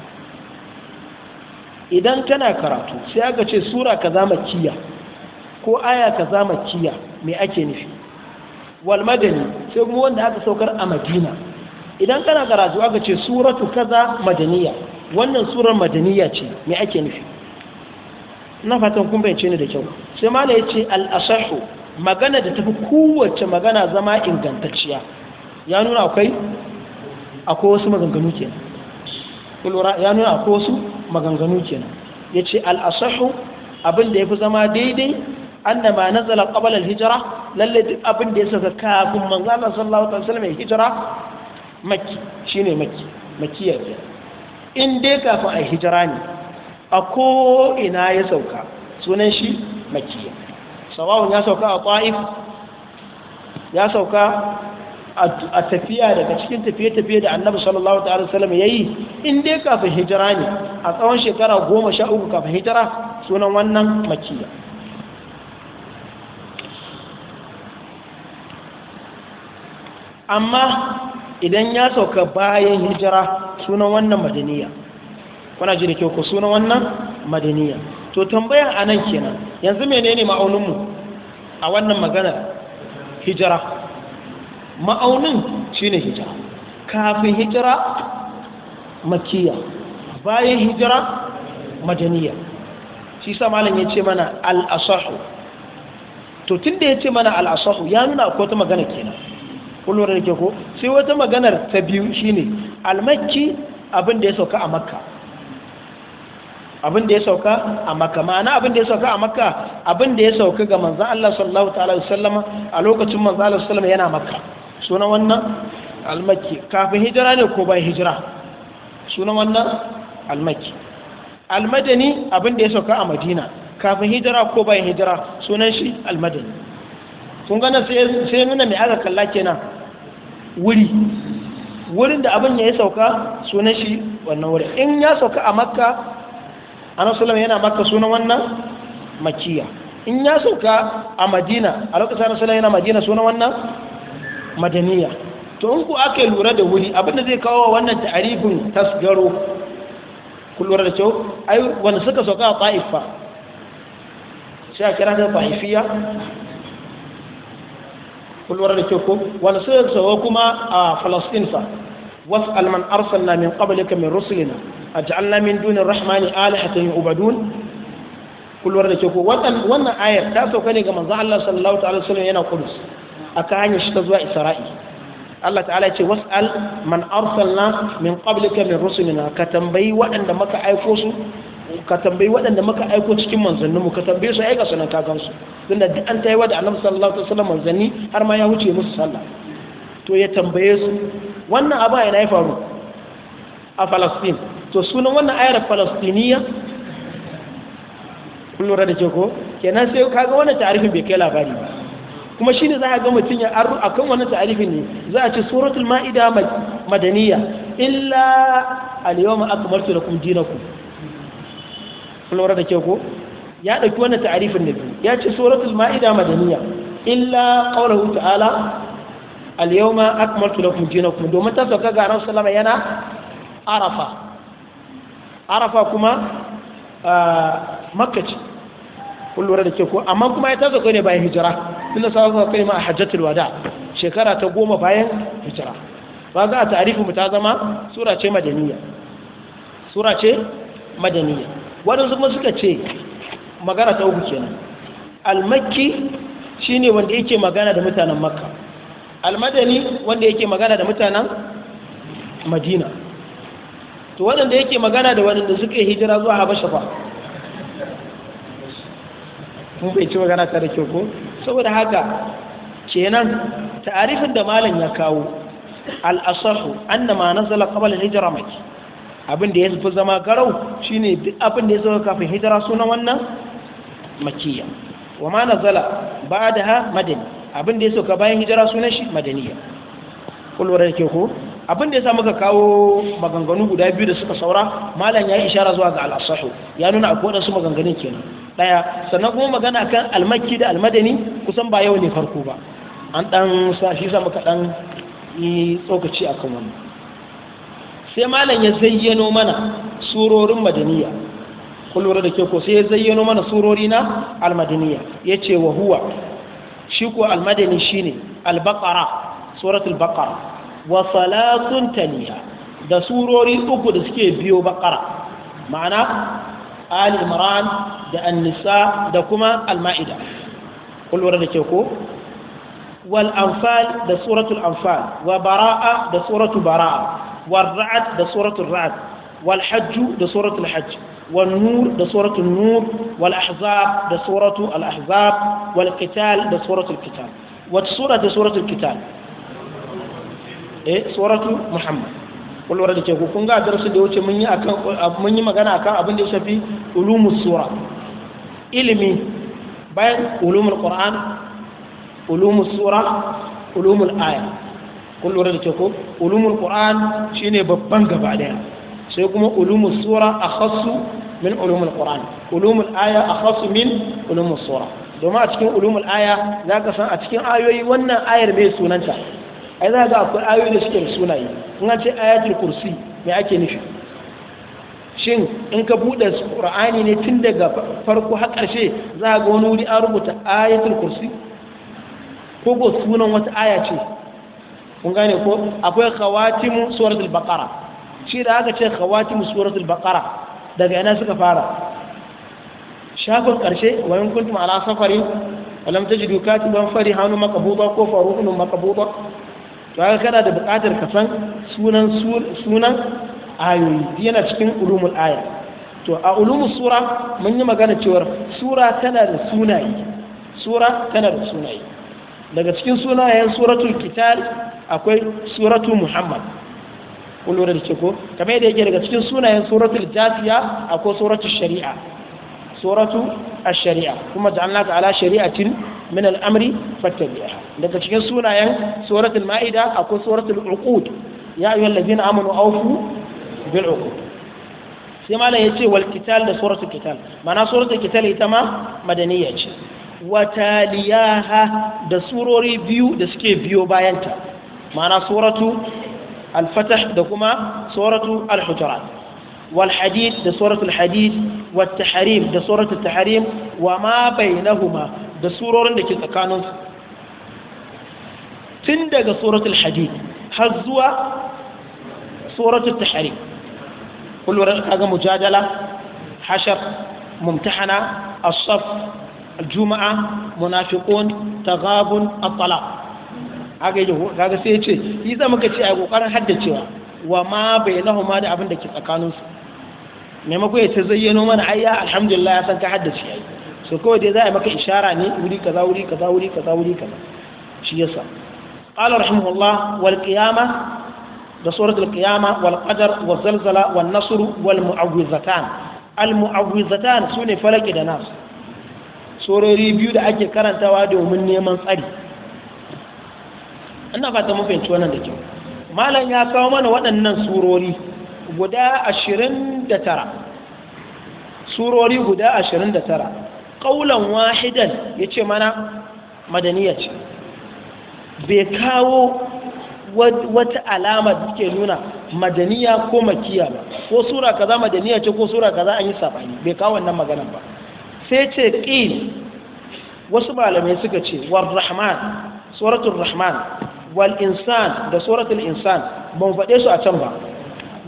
idan kana karatu sai aka ce sura ka kaza makkiya ko aya kaza makkiya me ake nufi walmadani sai kuma wanda aka saukar a madina idan kana karatu aka ce suratu kaza madaniya wannan surar madaniya ce me ake nufi na fatan kun bayyance ni da kyau sai mala yace al asahu magana da tafi kowace magana zama ingantacciya ya nuna akwai akwai wasu maganganu kenan ƙulura ya nuna akwai wasu maganganu kenan ya ce asahu abin da fi zama daidai an nazala qabla al hijra lalle duk abin da ya saka kafin manzo Allah sallallahu alaihi wasallam ya hijra makki shine maki makkiya ce in dai kafin a hijira ne a ko'ina ya sauka sunan shi maki ya sauka a ƙwa’if ya sauka a tafiya daga cikin tafiye-tafiye da annabi sallallahu ta'ala wasallam ya yi inda ya kafin hijira ne a tsawon shekara goma sha uku kafin hijira sunan wannan makiya amma idan ya sauka bayan hijira sunan wannan madaniya kuna ji da kyau sunan wannan madaniya to a nan kenan yanzu menene ma'auninmu a wannan maganar hijira ma'aunin shine hijira kafin hijira makiya bayan hijira majaniya shi sa malam ya ce mana al'asahu to tun da ya ce mana al'asahu ya nuna ko wata magana kenan kullum da ke ko sai wata maganar ta biyu shine al-makki abin da ya sauka a makka abin da ya sauka a makka ma'ana abin da ya sauka a makka abin da ya sauka ga manzan Allah sallallahu ta'ala wasallama a lokacin manzan Allah sallallahu yana makka sunan wannan almakki kafin hijira ne ko bayan hijira sunan wannan almakki almadani abin da ya sauka a madina kafin hijira ko bayan hijira sunan shi almadani kun gana sai nuna mai aka kalla kenan wuri wurin da abin ya yi sauka sunan shi wannan wuri in ya sauka a makka sulama yana makka sunan wannan makiya in ya sauka a madina a lokacin sulama yana madina sunan wannan madaniya to in ku ake lura da wuri abinda zai kawo wannan ta'arifin tasgaro ku lura da kyau ai wanda suka sauka a ta'ifa sai a kira ta ta'ifiya ku lura da kyau ko wanda suka sauka kuma a falastin fa was'al man arsalna min qablika min rusulina aj'alna min duni rahmani alihatan yu'badun ku lura da kyau ko wannan ayar ta sauka ne ga manzo Allah sallallahu ta'ala sallam yana kudus Aka hanyar shi ta zuwa isra'i Allah ta'ala ce was'al man arsalna min qablika min rusulina ka tambayi waɗanda maka aiko su ka tambayi waɗanda maka aiko cikin manzanninmu ka tambaye su aika sunan kakansu tun da an ta yi wada annabi sallallahu alaihi wasallam manzanni har ma ya wuce musu sallah to ya tambaye su wannan abin yana ya faru a Palestine to sunan wannan ayar Palestiniya kun da ce ko kenan sai kaga wannan tarihin bai kai labari ba kuma shine za a ga mutum ya arru kan wannan ta'arifin ne za a ce suratul ma'ida madaniya illa al-yawma akmaltu lakum dinakum lura da ke ko ya dauki wannan ta'arifin ne ya ce suratul ma'ida madaniya illa qawluhu ta'ala al-yawma akmaltu lakum dinakum domin ta sauka ga Annabi sallama yana arafa arafa kuma ah, makka ce kun lura da ke ko amma kuma ya kai ne bayan hijira tunda sabon kai ma a hajjatul wada shekara ta goma bayan hijira ba za a tarihi mu ta zama sura ce madaniya sura ce madaniya waɗansu kuma suka ce magana ta uku kenan almakki shine wanda yake magana da mutanen makka almadani wanda yake magana da mutanen madina to wadanda yake magana da wadanda suka hijira zuwa habasha fa mun bai ci magana ta da kyau ko saboda haka kenan ta'arifin da malam ya kawo al-asahu annama ma nazala qabla al-hijra maki abin da ya fi zama garau shine duk abin da ya zo kafin hijira sunan wannan makiyya wa ma nazala ba'daha madani abin da ya sauka bayan hijira sunan shi madaniya kulwar da ke ko abin da ya sa muka kawo maganganu guda biyu da suka saura malam ya yi ishara zuwa ga al-asahu ya nuna akwai wadansu maganganun kenan ɗaya sannan kuma magana kan almaki da almadani kusan ba yau ne farko ba an ɗan sa shi sa muka ɗan yi tsokaci a kan wannan sai malam ya zayyano mana surorin madaniya ku da ke ko sai ya zayyano mana surori na almadaniya ya ce wa huwa shi ko almadani shi ne, Albaƙara, suratul Baƙara. wa salatun taniya da surori uku da suke biyo baƙara. ma'ana آل عمران دا النساء دا كما المائدة قل ورد تشوكو والأنفال دا سورة الأنفال وبراءة دا سورة براءة والرعد دا سورة الرعد والحج دا سورة الحج والنور دا سورة النور والأحزاب دا سورة الأحزاب والقتال دا سورة القتال والسورة دا سورة القتال إيه سورة محمد lura da ke kun ga darsu da wuce mun yi akan mun yi magana akan abin da ya shafi ulumus sura ilimi bayan ulumul qur'an ulumus sura ulumul aya lura da ke ko ulumul qur'an shine babban gaba daya sai kuma ulumus sura akhassu min ulumul qur'an ulumul aya akhassu min ulumus sura domin a cikin ulumul aya zaka san a cikin ayoyi wannan ayar bai sunanta ai za ga akwai ayoyi da suke da sunaye in an ce ayatul kursi me ake nufi shin in ka buɗe qur'ani ne tun daga farko har ƙarshe za ga wani wuri an rubuta ayatul kursi ko ko sunan wata aya ce kun gane ko akwai khawatimu suratul baqara shi da aka ce khawatimu suratul baqara daga ina suka fara shafin ƙarshe wa in kuntum ala safari alam tajidu katiban farihanu maqbuda ko faruhun maqbuda to haka kana da buƙatar ka san sunan sunan ayoyi yana cikin ulumul aya to a ulumul sura mun yi magana cewar sura tana da sunaye sura tana da sunaye daga cikin sunayen suratul kitab akwai suratul muhammad kun lura da ko kamar yadda yake daga cikin sunayen suratul jafiya akwai suratul shari'a suratul ash-shari'a kuma ja'alnaka ala shari'atin min al'amri fattabi'aha daga cikin sunayen suratul ma'ida akwai suratul uqud ya ayyuhal ladina amanu awfu bil uqud sai malam yace wal qital da suratul qital mana suratul qital ita ma madaniya ce wa taliyaha da surori biyu da suke biyo bayanta mana suratu al da kuma suratu al-hujurat wal hadid da suratul hadid والتحريم ده سورة التحريم وما بينهما ده سورة لكي تكانون تندق سورة الحديد هزوة سورة التحريم كل ورقة مجادلة حشر ممتحنة الصف الجمعة منافقون تغاب الطلاق haka yi kaga sai ya ce yi zama ka ce a kokarin haddacewa wa ma bai nahuma da abin da ke tsakaninsu maimako ya ce zayyano mana ayya alhamdulillah ya san ka haddace yayi so kawai dai za a maka ishara ne wuri kaza wuri kaza wuri kaza wuri kaza shi yasa qala rahimahullah wal qiyama da suratul qiyama wal qadar wal zalzala wan nasr wal mu'awwizatan al mu'awwizatan sune falaki da nas surori biyu da ake karantawa domin neman tsari ina fata mun fahimci wannan da kyau malam ya kawo mana waɗannan surori guda ashirin da tara surori guda ashirin da tara ƙaunan wahidan ya ce mana madaniya ce bai kawo wata alama da suke nuna madaniya ko makiya ba ko sura kaza madaniya ce ko sura kaza an yi sabani bai kawo wannan maganan ba sai ce ƙil wasu malamai suka ce war rahman suratul rahman wal insan da suratul insan ban faɗe su a can ba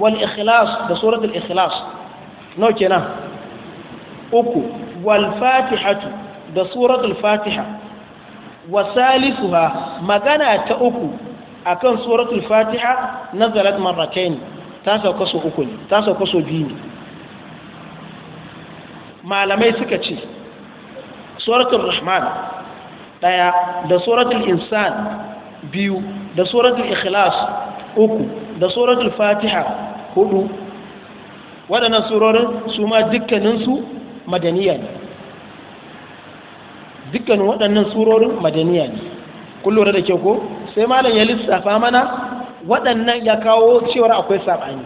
wal ikhlas da suratul ikhlas nau kenan uku wal fatihatu da suratul fatiha wa salisuha magana ta uku akan suratul fatiha nazalat marratayn ta sauka so uku ta sauka so biyu malamai suka ce suratul rahman ɗaya da suratul insan biyu da suratul ikhlas uku da suratul fatiha hudu waɗannan surorin su ma dukkaninsu madaniya ne dukkanin waɗannan surorin madaniya ne kullum da kyau ko sai malam ya lissafa mana waɗannan ya kawo cewar akwai saɓani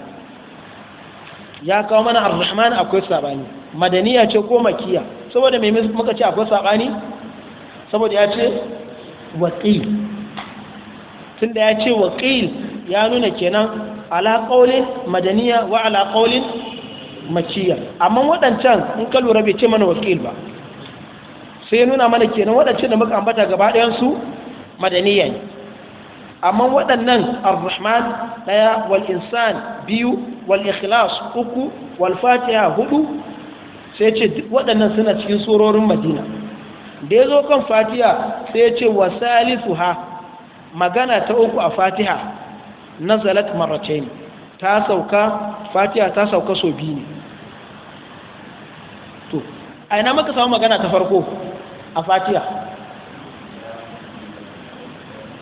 ya kawo mana ar akwai saɓani madaniya ce ko makiya saboda mai muka ce akwai saɓani saboda ya ce waƙil tunda ya ce waƙil ya nuna kenan ala qaulin madaniya wa ala maciya amma waɗancan in ka lura bai ce mana wakil ba sai nuna mana kenan waɗancan da muka ambata gaba ɗayansu su madaniya ne amma waɗannan ar-rahman ɗaya wal insan biyu wal ikhlas uku wal fatiha hudu sai ce waɗannan suna cikin surorin madina da ya zo kan fatiha sai ce wa ha magana ta uku a fatiha nazalat marratayn ta sauka fatiha ta sauka so biyu ne to a ina muka samu magana ta farko a fatiha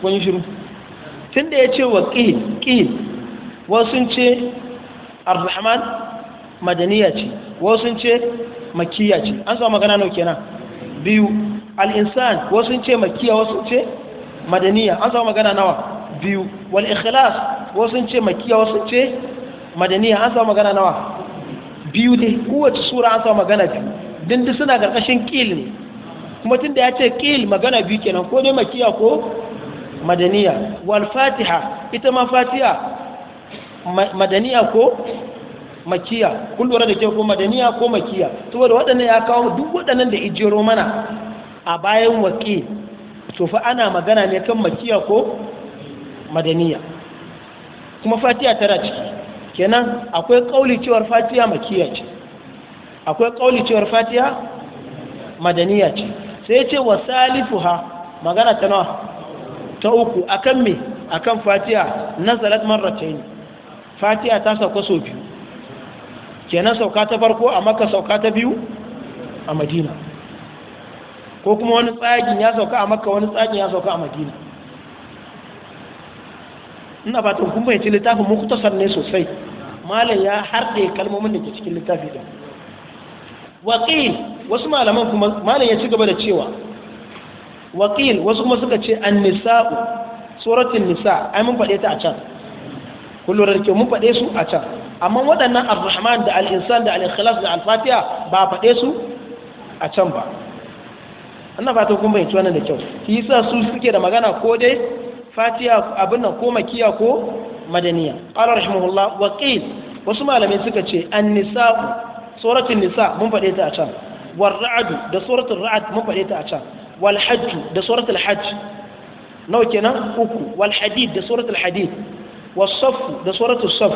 kun shiru tunda ya ce wa qil qil wasu ce ar-rahman madaniya ce wasu ce makiya ce an samu magana nau kenan biyu al-insan wasu ce makiya wasu ce madaniya an samu magana nawa biyu wal ikhlas wasu ce makiya wasu ce madaniya an samu magana nawa biyu dai kowace sura an samu magana biyu din duk suna karkashin qil ne kuma tunda ya ce qil magana biyu kenan ko dai makiya ko madaniya wal fatiha ita ma fatiha madaniya ko makiya kun lura da ke ko madaniya ko makiya saboda waɗannan ya kawo duk waɗannan da ijero mana a bayan waƙi to fa ana magana ne kan makiya ko madaniya kuma fatiya tara ciki kenan akwai kauli cewar fatiya makiya ce akwai kauli cewar fatiya madaniya ce sai ya ce wa salifuha magana ta nawa ta uku akan me akan fatiha nazalat marratain Fatiya ta sauka so biyu kenan sauka ta farko a makka sauka ta biyu a madina ko kuma wani tsagin ya sauka a makka wani tsagin ya sauka a madina ina fatan kun bayyace littafin muktasar ne sosai malam ya harɗe kalmomin da ke cikin littafi da. waqil wasu malaman kuma malam ya ci gaba da cewa waqil wasu kuma suka ce an-nisa'u suratul nisa ai mun faɗe ta a can kullu da ke mun faɗe su a can amma waɗannan ar-rahman da al-insan da al-ikhlas da al-fatiha ba faɗe su a can ba ina fatan kun bayyace wannan da kyau yi sa su suke da magana ko dai fatiya abin nan ko makiya ko madaniya ƙarar rahimahullah wasu malamai suka ce an nisa tsoratin nisa mun faɗe ta a can war da tsoratin ra'ad mun faɗe ta a can wal hajju da tsoratin hajj nawa kenan uku walhadi hadid da tsoratin hadid wal safu da tsoratin saf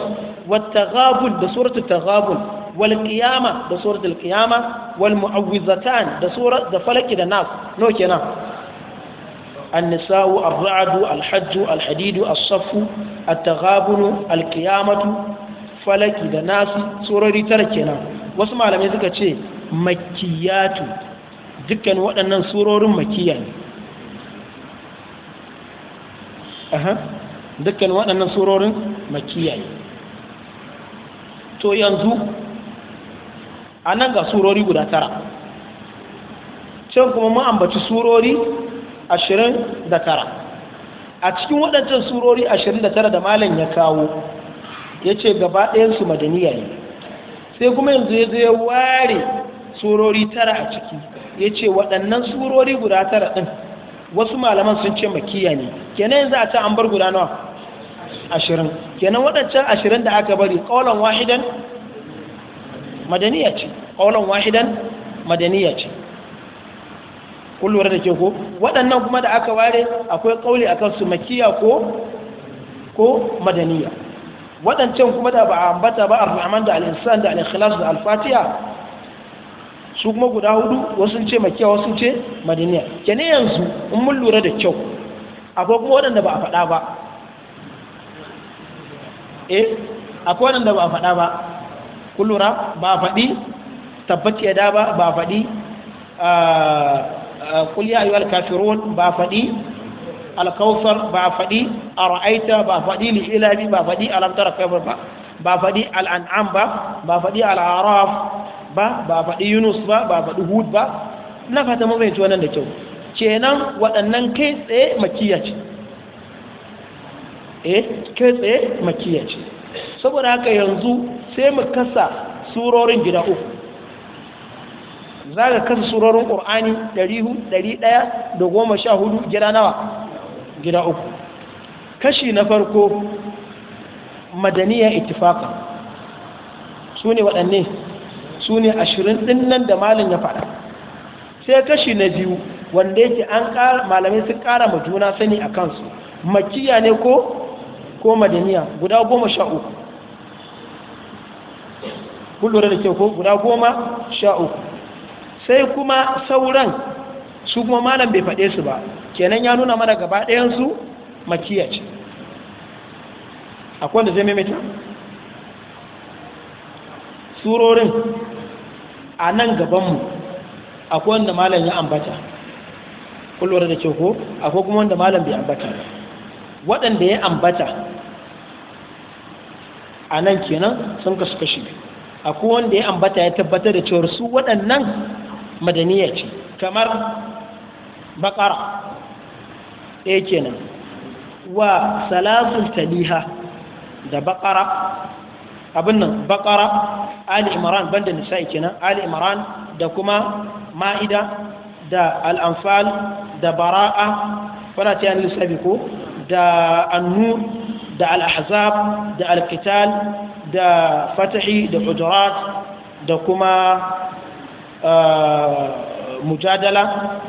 wal da tsoratin tagabul wal da tsoratin qiyama wal mu'awwizatan da tsoratin da falaki da nas nawa kenan النساء الرعد الحج الحديد الصف التغابن القيامة فلك da ناس tsorori تركنا kenan wasu malamai suka ce makiyatu dukkan waɗannan surorin makiya dukkan waɗannan surorin to yanzu a nan ga surori guda tara can kuma ma'ambaci surori ashirin da tara a cikin waɗancan surori ashirin da tara da malam ya kawo ya ce gaba ɗayansu madaniya ne sai kuma yanzu ya zo ya ware surori tara a ciki ya ce waɗannan surori guda tara ɗin wasu malaman sun ce makiya ne kenan yanzu a can an bar guda nawa ashirin kenan waɗancan ashirin da aka bari ƙaunan wahidan madaniya ce ƙaunar wahidan madaniya ce kun lura da ke ko waɗannan kuma da aka ware akwai ƙauli a su makiya ko ko madaniya waɗancan kuma da ba a ambata ba a rahman da al'insan da al da alfatiya su kuma guda hudu wasu ce makiya wasu ce madaniya ne yanzu in mun lura da kyau akwai kuma waɗanda ba a faɗa ba eh akwai waɗanda ba a faɗa ba kun lura ba a faɗi tabbaci ya da ba ba a faɗi ah, qul ya ayyuhal kafirun ba faɗi alkausar ba faɗi a ba faɗi lishilabi ba faɗi alamtar kaifar ba faɗi al'an'am ba faɗi al'araf ba faɗi yunus ba faɗi hud ba na fata mafaici wannan da kyau kenan waɗannan kai tsaye makiya ce saboda haka yanzu sai mu kasa surorin gida uku za ka kasa surorin ƙur'ani 114 gida nawa gida uku kashi na farko madaniya itifaka su ne waɗanne su ne ashirin ɗin nan da malin ya faɗa sai kashi na biyu wanda yake an ƙara malamai sun ƙara ma juna sani a kansu makiya ne ko ko madaniya guda goma sha uku kullum da ke ko guda goma sha uku sai kuma sauran su kuma malam bai faɗe su ba kenan ya nuna mana gaba ɗayansu makiya ce akwai wanda zai maimaita surorin a nan gabanmu akwai wanda malam ya ambata kullum da ke ko akwai kuma wanda malam bai ambata waɗanda ya ambata a nan kenan sun kasu kashi akwai wanda ya ambata ya tabbatar da cewar su waɗannan madaniya ce kamar bakara e eh, kenan wa salatul taliha da bakara abin nan bakara ali imran banda nisa'i kenan ali imran da kuma ma'ida da al'amfal da bara'a fara ta yanar lissafi ko da annur da al'ahzab da alkital da fatahi da hujurat da kuma mujadala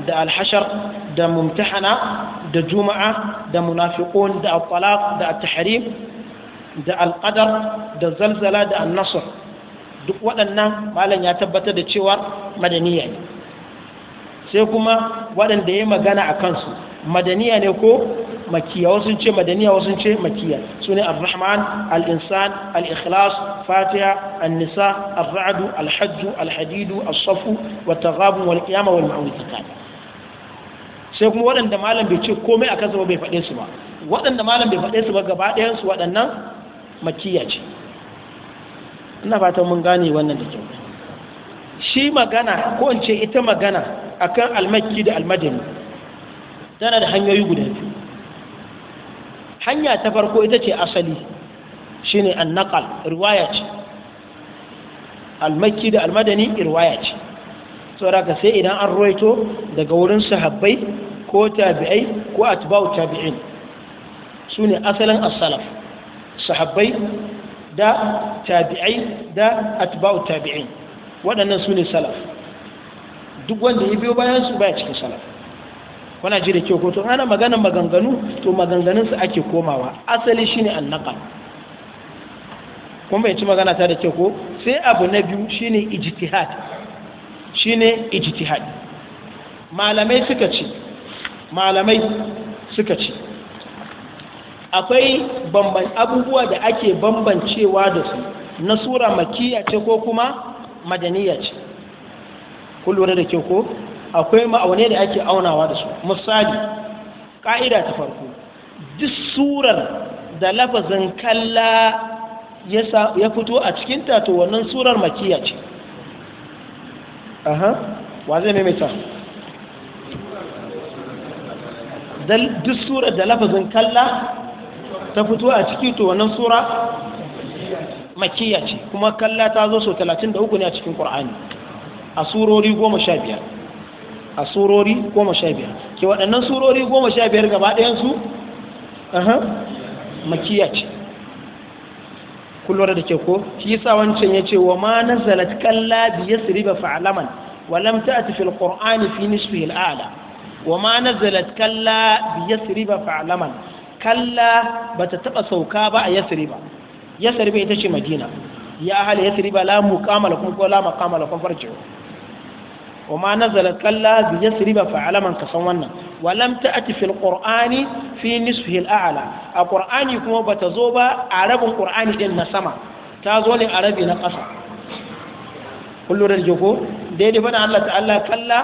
da alhashar da mumtahana da juma'a da munafiqun da al-talaq da at-tahrim da al-qadar da zalzala da an-nasr duk waɗannan malam ya tabbatar da cewa madaniya ne sai kuma waɗanda ya magana a kansu madaniya ne ko makiya wasu ce madaniya wasu ce makiya su ne ar-rahman al-insan al-ikhlas fatiha an-nisa ar-ra'd al-hajj al-hadid as-saff wa taghabun wal qiyama wal ma'udikat sai kuma waɗanda malam bai ce komai akan su bai faɗe su ba waɗanda malam bai faɗe su ba gaba ɗayan su waɗannan makiya ce ina fatan mun gane wannan da kyau shi magana ko in ce ita magana akan al-makki da al-madani tana da hanyoyi guda biyu hanya ta farko ita ce asali shine annaqal riwaya ce almakki da almadani riwaya ce saboda sai idan an ruwaito daga wurin sahabbai ko tabi'ai ko atba'u tabi'in sune asalin as-salaf sahabbai da tabi'ai da atba'u tabi'in waɗannan sune salaf duk wanda ya biyo bayan su baya cikin salaf kuna ji da kyau ko to ana maganan maganganu to maganganun su ake komawa asali shine annaka. Kuma bai ci magana ta da kyau ko sai abu na biyu shine ijtihad shine ijtihad malamai suka ci. malamai suka ci akwai abubuwa da ake bambancewa da su na sura makiya ce ko kuma madaniya ce ku da kyau ko akwai ma'aune da ake aunawa da su misali ƙa'ida ta farko duk surar da lafazin kalla ya fito a cikin tato wannan surar makiya ce aha wa zai maimaita duk surar da lafazin kalla ta fito a cikin to wannan sura makiya ce kuma kalla ta zo so 33 ne a cikin kur'ani, a surori 15 a surori goma sha biyar ke waɗannan surori goma sha biyar gaba ɗayansu makiya ce kullum da ke ko shi yasa wancan ya ce wa ma na nazalat kalla biya siriba fa'alaman wa lam ta'ti fil qur'ani fi nisfi al a'la wa ma na nazalat kalla biya siriba fa'alaman kalla bata taɓa sauka ba a yasriba yasriba ita ce madina ya ahli yasriba la muqama lakum ko la maqama lakum farji'u وما نزلت كلا بيثرب فعلما كسونا ولم تأتي في القرآن في نصفه الأعلى القرآن يكون بتزوبا عرب القرآن إن سما تازول عربي نقصا كل رجوكو دي دي بنا الله تعالى كلا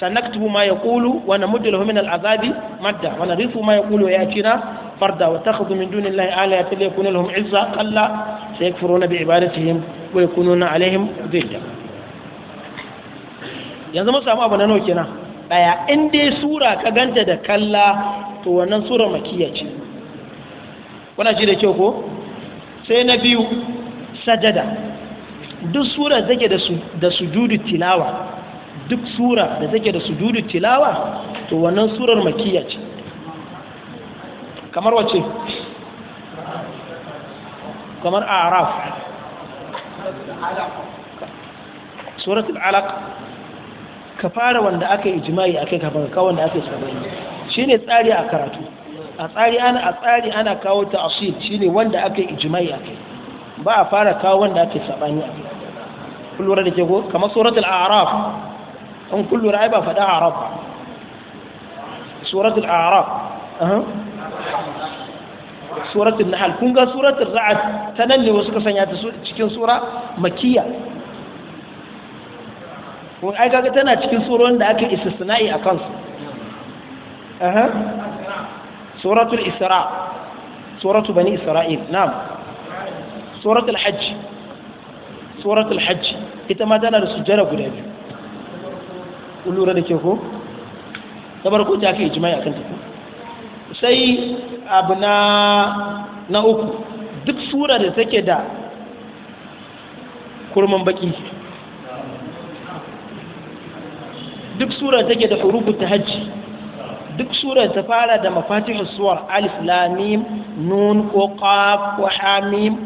سنكتب ما يقول ونمد له من العذاب مدة ونغيث ما يقول ويأتينا فردا وتأخذ من دون الله آلهة ليكون لهم عزة كلا سيكفرون بعبادتهم ويكونون عليهم ذلا yanzu mun samu abu na nawa kenan daya in dai sura ka ganta da kalla to wannan sura makiyya ce kuna ji da kyau ko sai na biyu sajada duk sura da take da sujudu tilawa duk sura da take da sujudu tilawa to wannan surar makiyya ce kamar wace kamar a'raf suratul alaq ka fara wanda aka yi ijma'i akai kafin ka wanda aka yi sabani ne tsari a karatu a tsari ana a tsari ana kawo ta'asir wanda aka yi a kai ba a fara kawo wanda aka yi sabani a kai kullura da ke ko kamar suratul a'raf an kullura ai ba faɗa a'raf ba suratul a'raf suratul nahal kun ga suratul ra'd ta nan ne wasu ka sanya ta cikin sura makiyya kun ai kaga tana cikin surorin da aka istisna'i a kansu aha suratul isra suratu bani isra'il na'am suratul hajj suratul hajj ita ma tana da sujjada guda biyu kun lura da ke ko ta ko ta kai ijma'i akan ta sai abu na na uku duk sura da take da kurman baki duk sura take da hurufun hajji duk sura ta fara da mafatihus suwar alif lamim nun ko qaf ko ha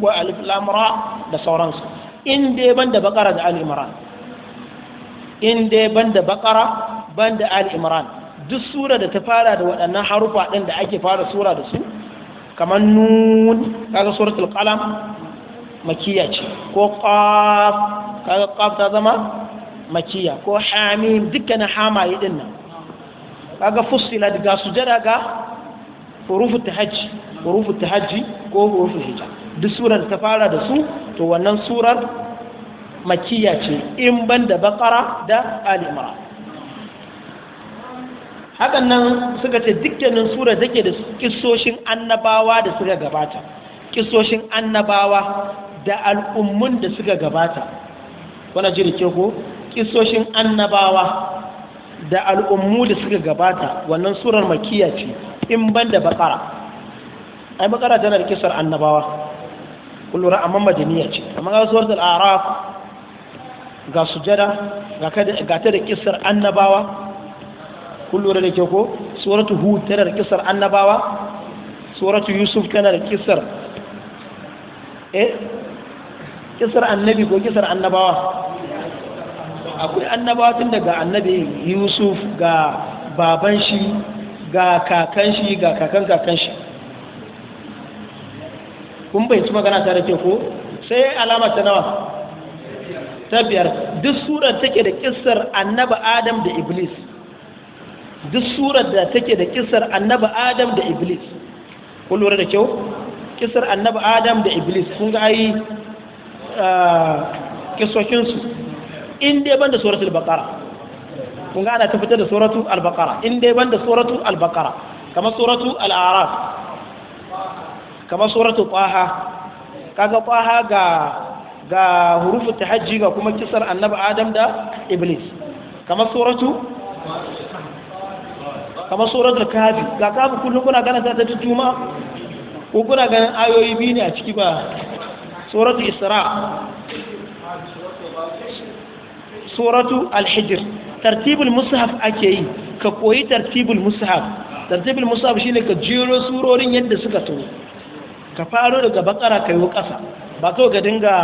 ko alif lam ra da sauransu in dai banda bakara da al imran in dai banda bakara banda al imran duk sura da ta fara da waɗannan harufa ɗin da ake fara sura da su kamar nun kaga suratul qalam makiya ce ko qaf kaga qaf ta zama makiya ko hamim dukkanin hamaye din nan kaga fusila daga sujada ga hurufu tahajji hurufu tahajji ko hurufu hijab duk surar ta fara da su to wannan surar makiya ce in ban da bakara da ali imran hakan nan suka ce dukkanin sura take da kisoshin annabawa da suka gabata kisoshin annabawa da al'ummun da suka gabata wani ko kisoshin annabawa da al'ummu da suka gabata wannan surar makiya ce in ban da bakara ai bakara tana da kisar annabawa kullura amma majaniya ce amma ga suwar al'araf ga sujada ga ta da kisar annabawa kullura da ke ko suratu hu tana da kisar annabawa suratu yusuf tana da kisar eh kisar annabi ko kisar annabawa akwai annabatun daga annabi yusuf ga baban shi ga kakan shi ga kakan kakan shi kun bayyanci magana tare ke ko sai alama ta nawa ta biyar duk surar take da kisar annaba adam da iblis duk surar da take da kisar annaba adam da iblis kun lura da kyau kisar annaba adam da iblis kun ga ayi ah, kisokinsu in dai banda suratul baqara kun ga ana ta fitar da suratul al-baqara in dai banda suratul al-baqara kamar suratul al-a'raf kamar suratul qaha kaga qaha ga ga hurufu tahajji ga kuma kisar annabi adam da iblis kamar suratul kamar suratul kahfi ga kahfi kullun kuna ganin ta ta juma'a ko kuna ganin ayoyi biyu ne a ciki ba suratul isra suratu al-hijr tartibul mushaf ake yi ka koyi tartibul mushaf tartibul mushaf shine ka jero surorin yadda suka to ka faro daga bakara kai wa kasa ba kawai ga dinga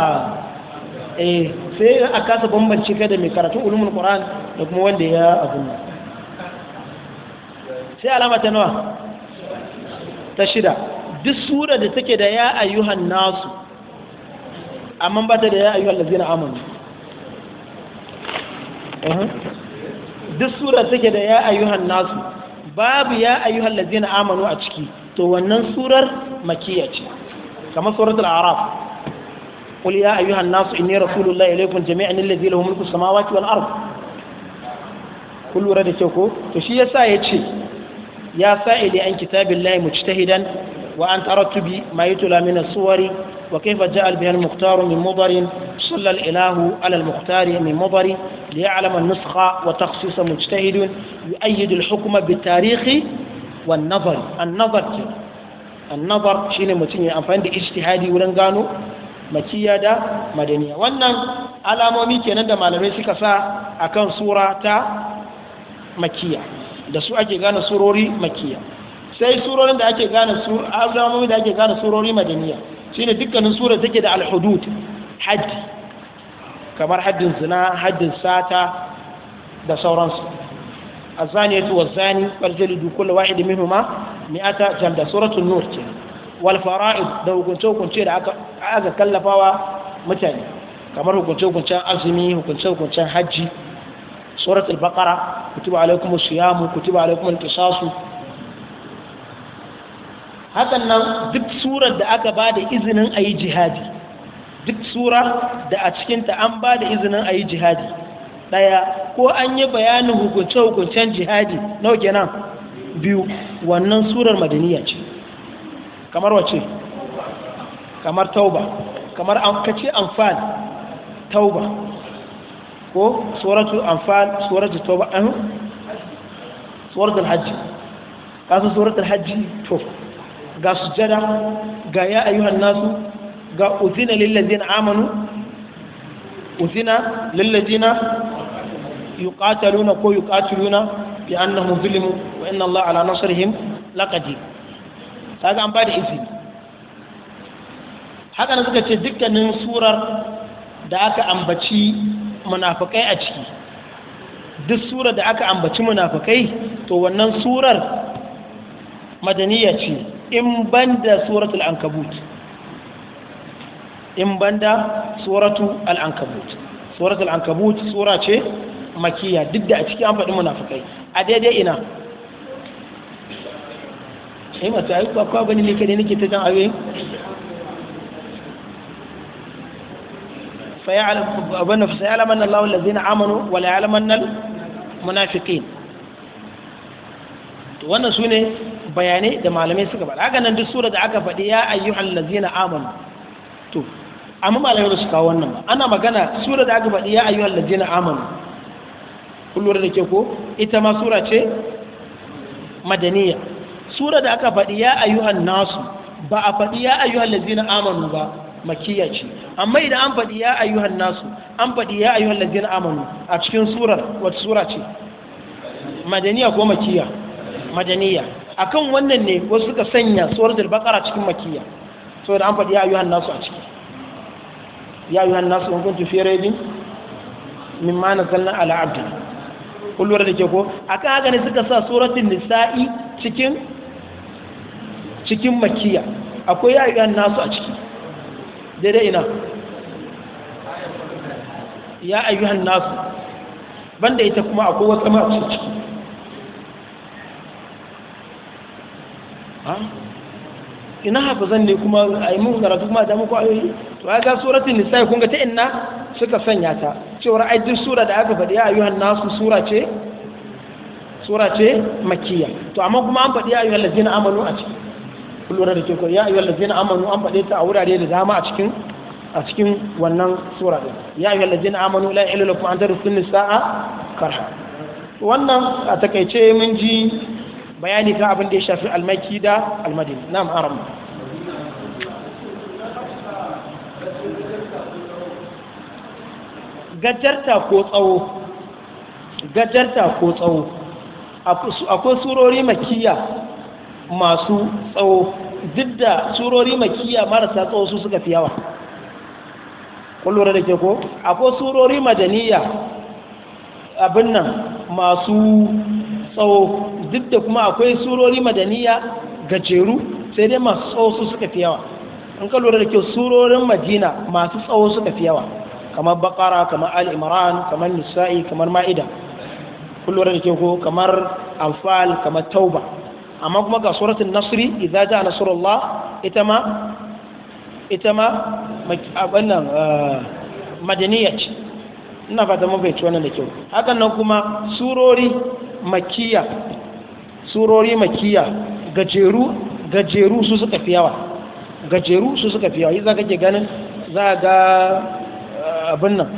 eh sai a kasa bambance ka da mai karatu ulumul qur'an da kuma wanda ya abun sai alama ta nawa ta shida duk sura da take da ya ayyuhan nasu amma ba ta da ya ayyuhal ladzina amanu Mhm. duk sura take da ya ayyuhan nasu babu ya ayyuhan lazina amanu a ciki to wannan surar makiya ce kamar suratul araf qul ya ayyuhan nasu inni rasulullahi laifin jami'an lalazi lahu mulku samawati wal ard kun lura da kyau ko to shi ya sa ya ce ya sa'idi an mu ci ta hidan, wa an tubi, ma yutula tula mina suwari وكيف جاء بها المختار من مضر صلى الإله على المختار من مضر ليعلم النسخة وتخصيص مجتهد يؤيد الحكم بالتاريخ والنظر النظر النظر شيء متنيا أنفعين دي اجتهادي ولنغانو مكية دا مدنية wannan alamomi kenan da malamai suka sa akan sura ta makiya da su ake gane surori makiya sai surorin da ake gane alamomi da ake gane surori madaniya ne dukkanin sura take da alhudud hudud haddi kamar haddin zina haddin sata da sauransu A azaniyatu wazani wal jalidu kullu wahid minhuma mi'ata jamda, suratul nur ce wal fara'id da hukunce hukunce da aka aka kallafawa mutane kamar hukunce hukuncen azumi hukunce hukuncen haji suratul baqara kutiba alaikumus siyam kutiba alaikumus qisasu hakan nan duk surar da aka ba da izinin a yi jihadi duk sura da a cikinta an ba da izinin a yi jihadi ɗaya ko an yi bayanin hukunce-hukuncen jihadi nau nan biyu wannan surar madaniya ce kamar wace kamar tauba kamar an kace amfan tauba ko suratul amfan suratul tauba an suratu hajji kasu suratu hajji to ga sujada ga ya ayyuhan nasu ga uzina lillazina amanu uzina lillazina yuqataluna ko yuqatiluna bi annahum zulimu wa inna Allah ala nasrihim laqadir kaga an bada izini haka nan suka ce dukkanin surar da aka ambaci munafikai a ciki duk surar da aka ambaci munafikai to wannan surar madaniya ce in banda suratul ankabut in banda suratul ankabut suratul ankabut sura ce makiya duk da a cikin an faɗi munafukai a daidai ina sai eh, masu ayi kwakwa gani ne kadai nake ta jan ayoyin فيعلم ya فسيعلم أن الله الذين wala ya يعلم أن المنافقين wannan su ne bayanai da malamai suka faɗa haka nan duk sura da aka faɗi ya ayyuhal ladzina amanu to amma malamai da su kawo wannan ba ana magana sura da aka faɗi ya ayyuhal ladzina amanu kullum da ke ko ita ma sura ce madaniya sura da aka faɗi ya ayyuhan nasu ba a faɗi ya ayyuhan ladzina amanu ba makiya ce amma idan an faɗi ya ayyuhan nasu an faɗi ya ayyuhan ladzina amanu a cikin surar wata sura ce madaniya ko makiya madaniya akan wannan ne wasu suka sanya suratul bakara cikin so da an faɗi ya ayyuhan nasu a ciki ya ayyuhan nasu in kuntum fi raybin mimma nazzalna ala abdina kullum da ke ko kan haka ne suka sa suratul nisa'i cikin cikin akwai ya ayyuhan nasu a ciki daidai ina ya ayyuhan nasu banda ita kuma akwai wata ma a ciki ina zan ne kuma a yi mun karatu kuma da muku ayoyi to ya ga suratul nisa kun ga ta inna suka sanya ta cewar ai duk sura da aka faɗi ayyuhan nasu sura ce sura ce makkiya to amma kuma an faɗi ayyuhan ladzina amanu a ciki kullura da ke ko ya ayyuhan ladzina amanu an faɗe ta a wurare da dama a cikin a cikin wannan sura din ya ayyuhan ladzina amanu la ilaha illa anta rusul nisaa karha wannan a takeice mun ji bayani kan abin da ya shafi almaki da almadin na'am aram gajarta ko tsawo gajarta ko tsawo akwai surori makiya masu tsawo duk da surori makiya marasa tsawo su suka fi yawa kullum da ke ko akwai surori madaniya abin nan masu tsawo duk da kuma akwai surori madaniya gajeru sai dai masu tsawo su suka fi yawa an ka lura da kyau surorin madina masu tsawo suka fi yawa kamar bakara kamar al'imran kamar nisa'i kamar ma'ida kun da kyau ko kamar alfal kamar tauba amma kuma ga suratun nasri idza ja nasrullah ita ma ita ma wannan eh, madaniyar ina fata mun bai ci wannan da kyau hakan nan kuma surori makiya surori makiya gajeru gajeru su suka fi yawa gajeru su suka fi yawa yi za ka ke ganin za ga eh, abin nan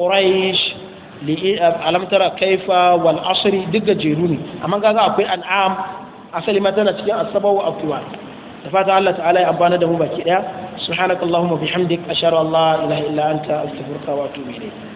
ƙuraish eh, eh, alamtara kaifa wal asiri duk gajeru ne amma ga za akwai an'am asali mata tana cikin asabar wa afuwa da fata Allah ta'ala ya amfana da mu baki daya subhanakallahumma bihamdik asharu Allah ilaha illa anta astaghfiruka wa atubu ilayk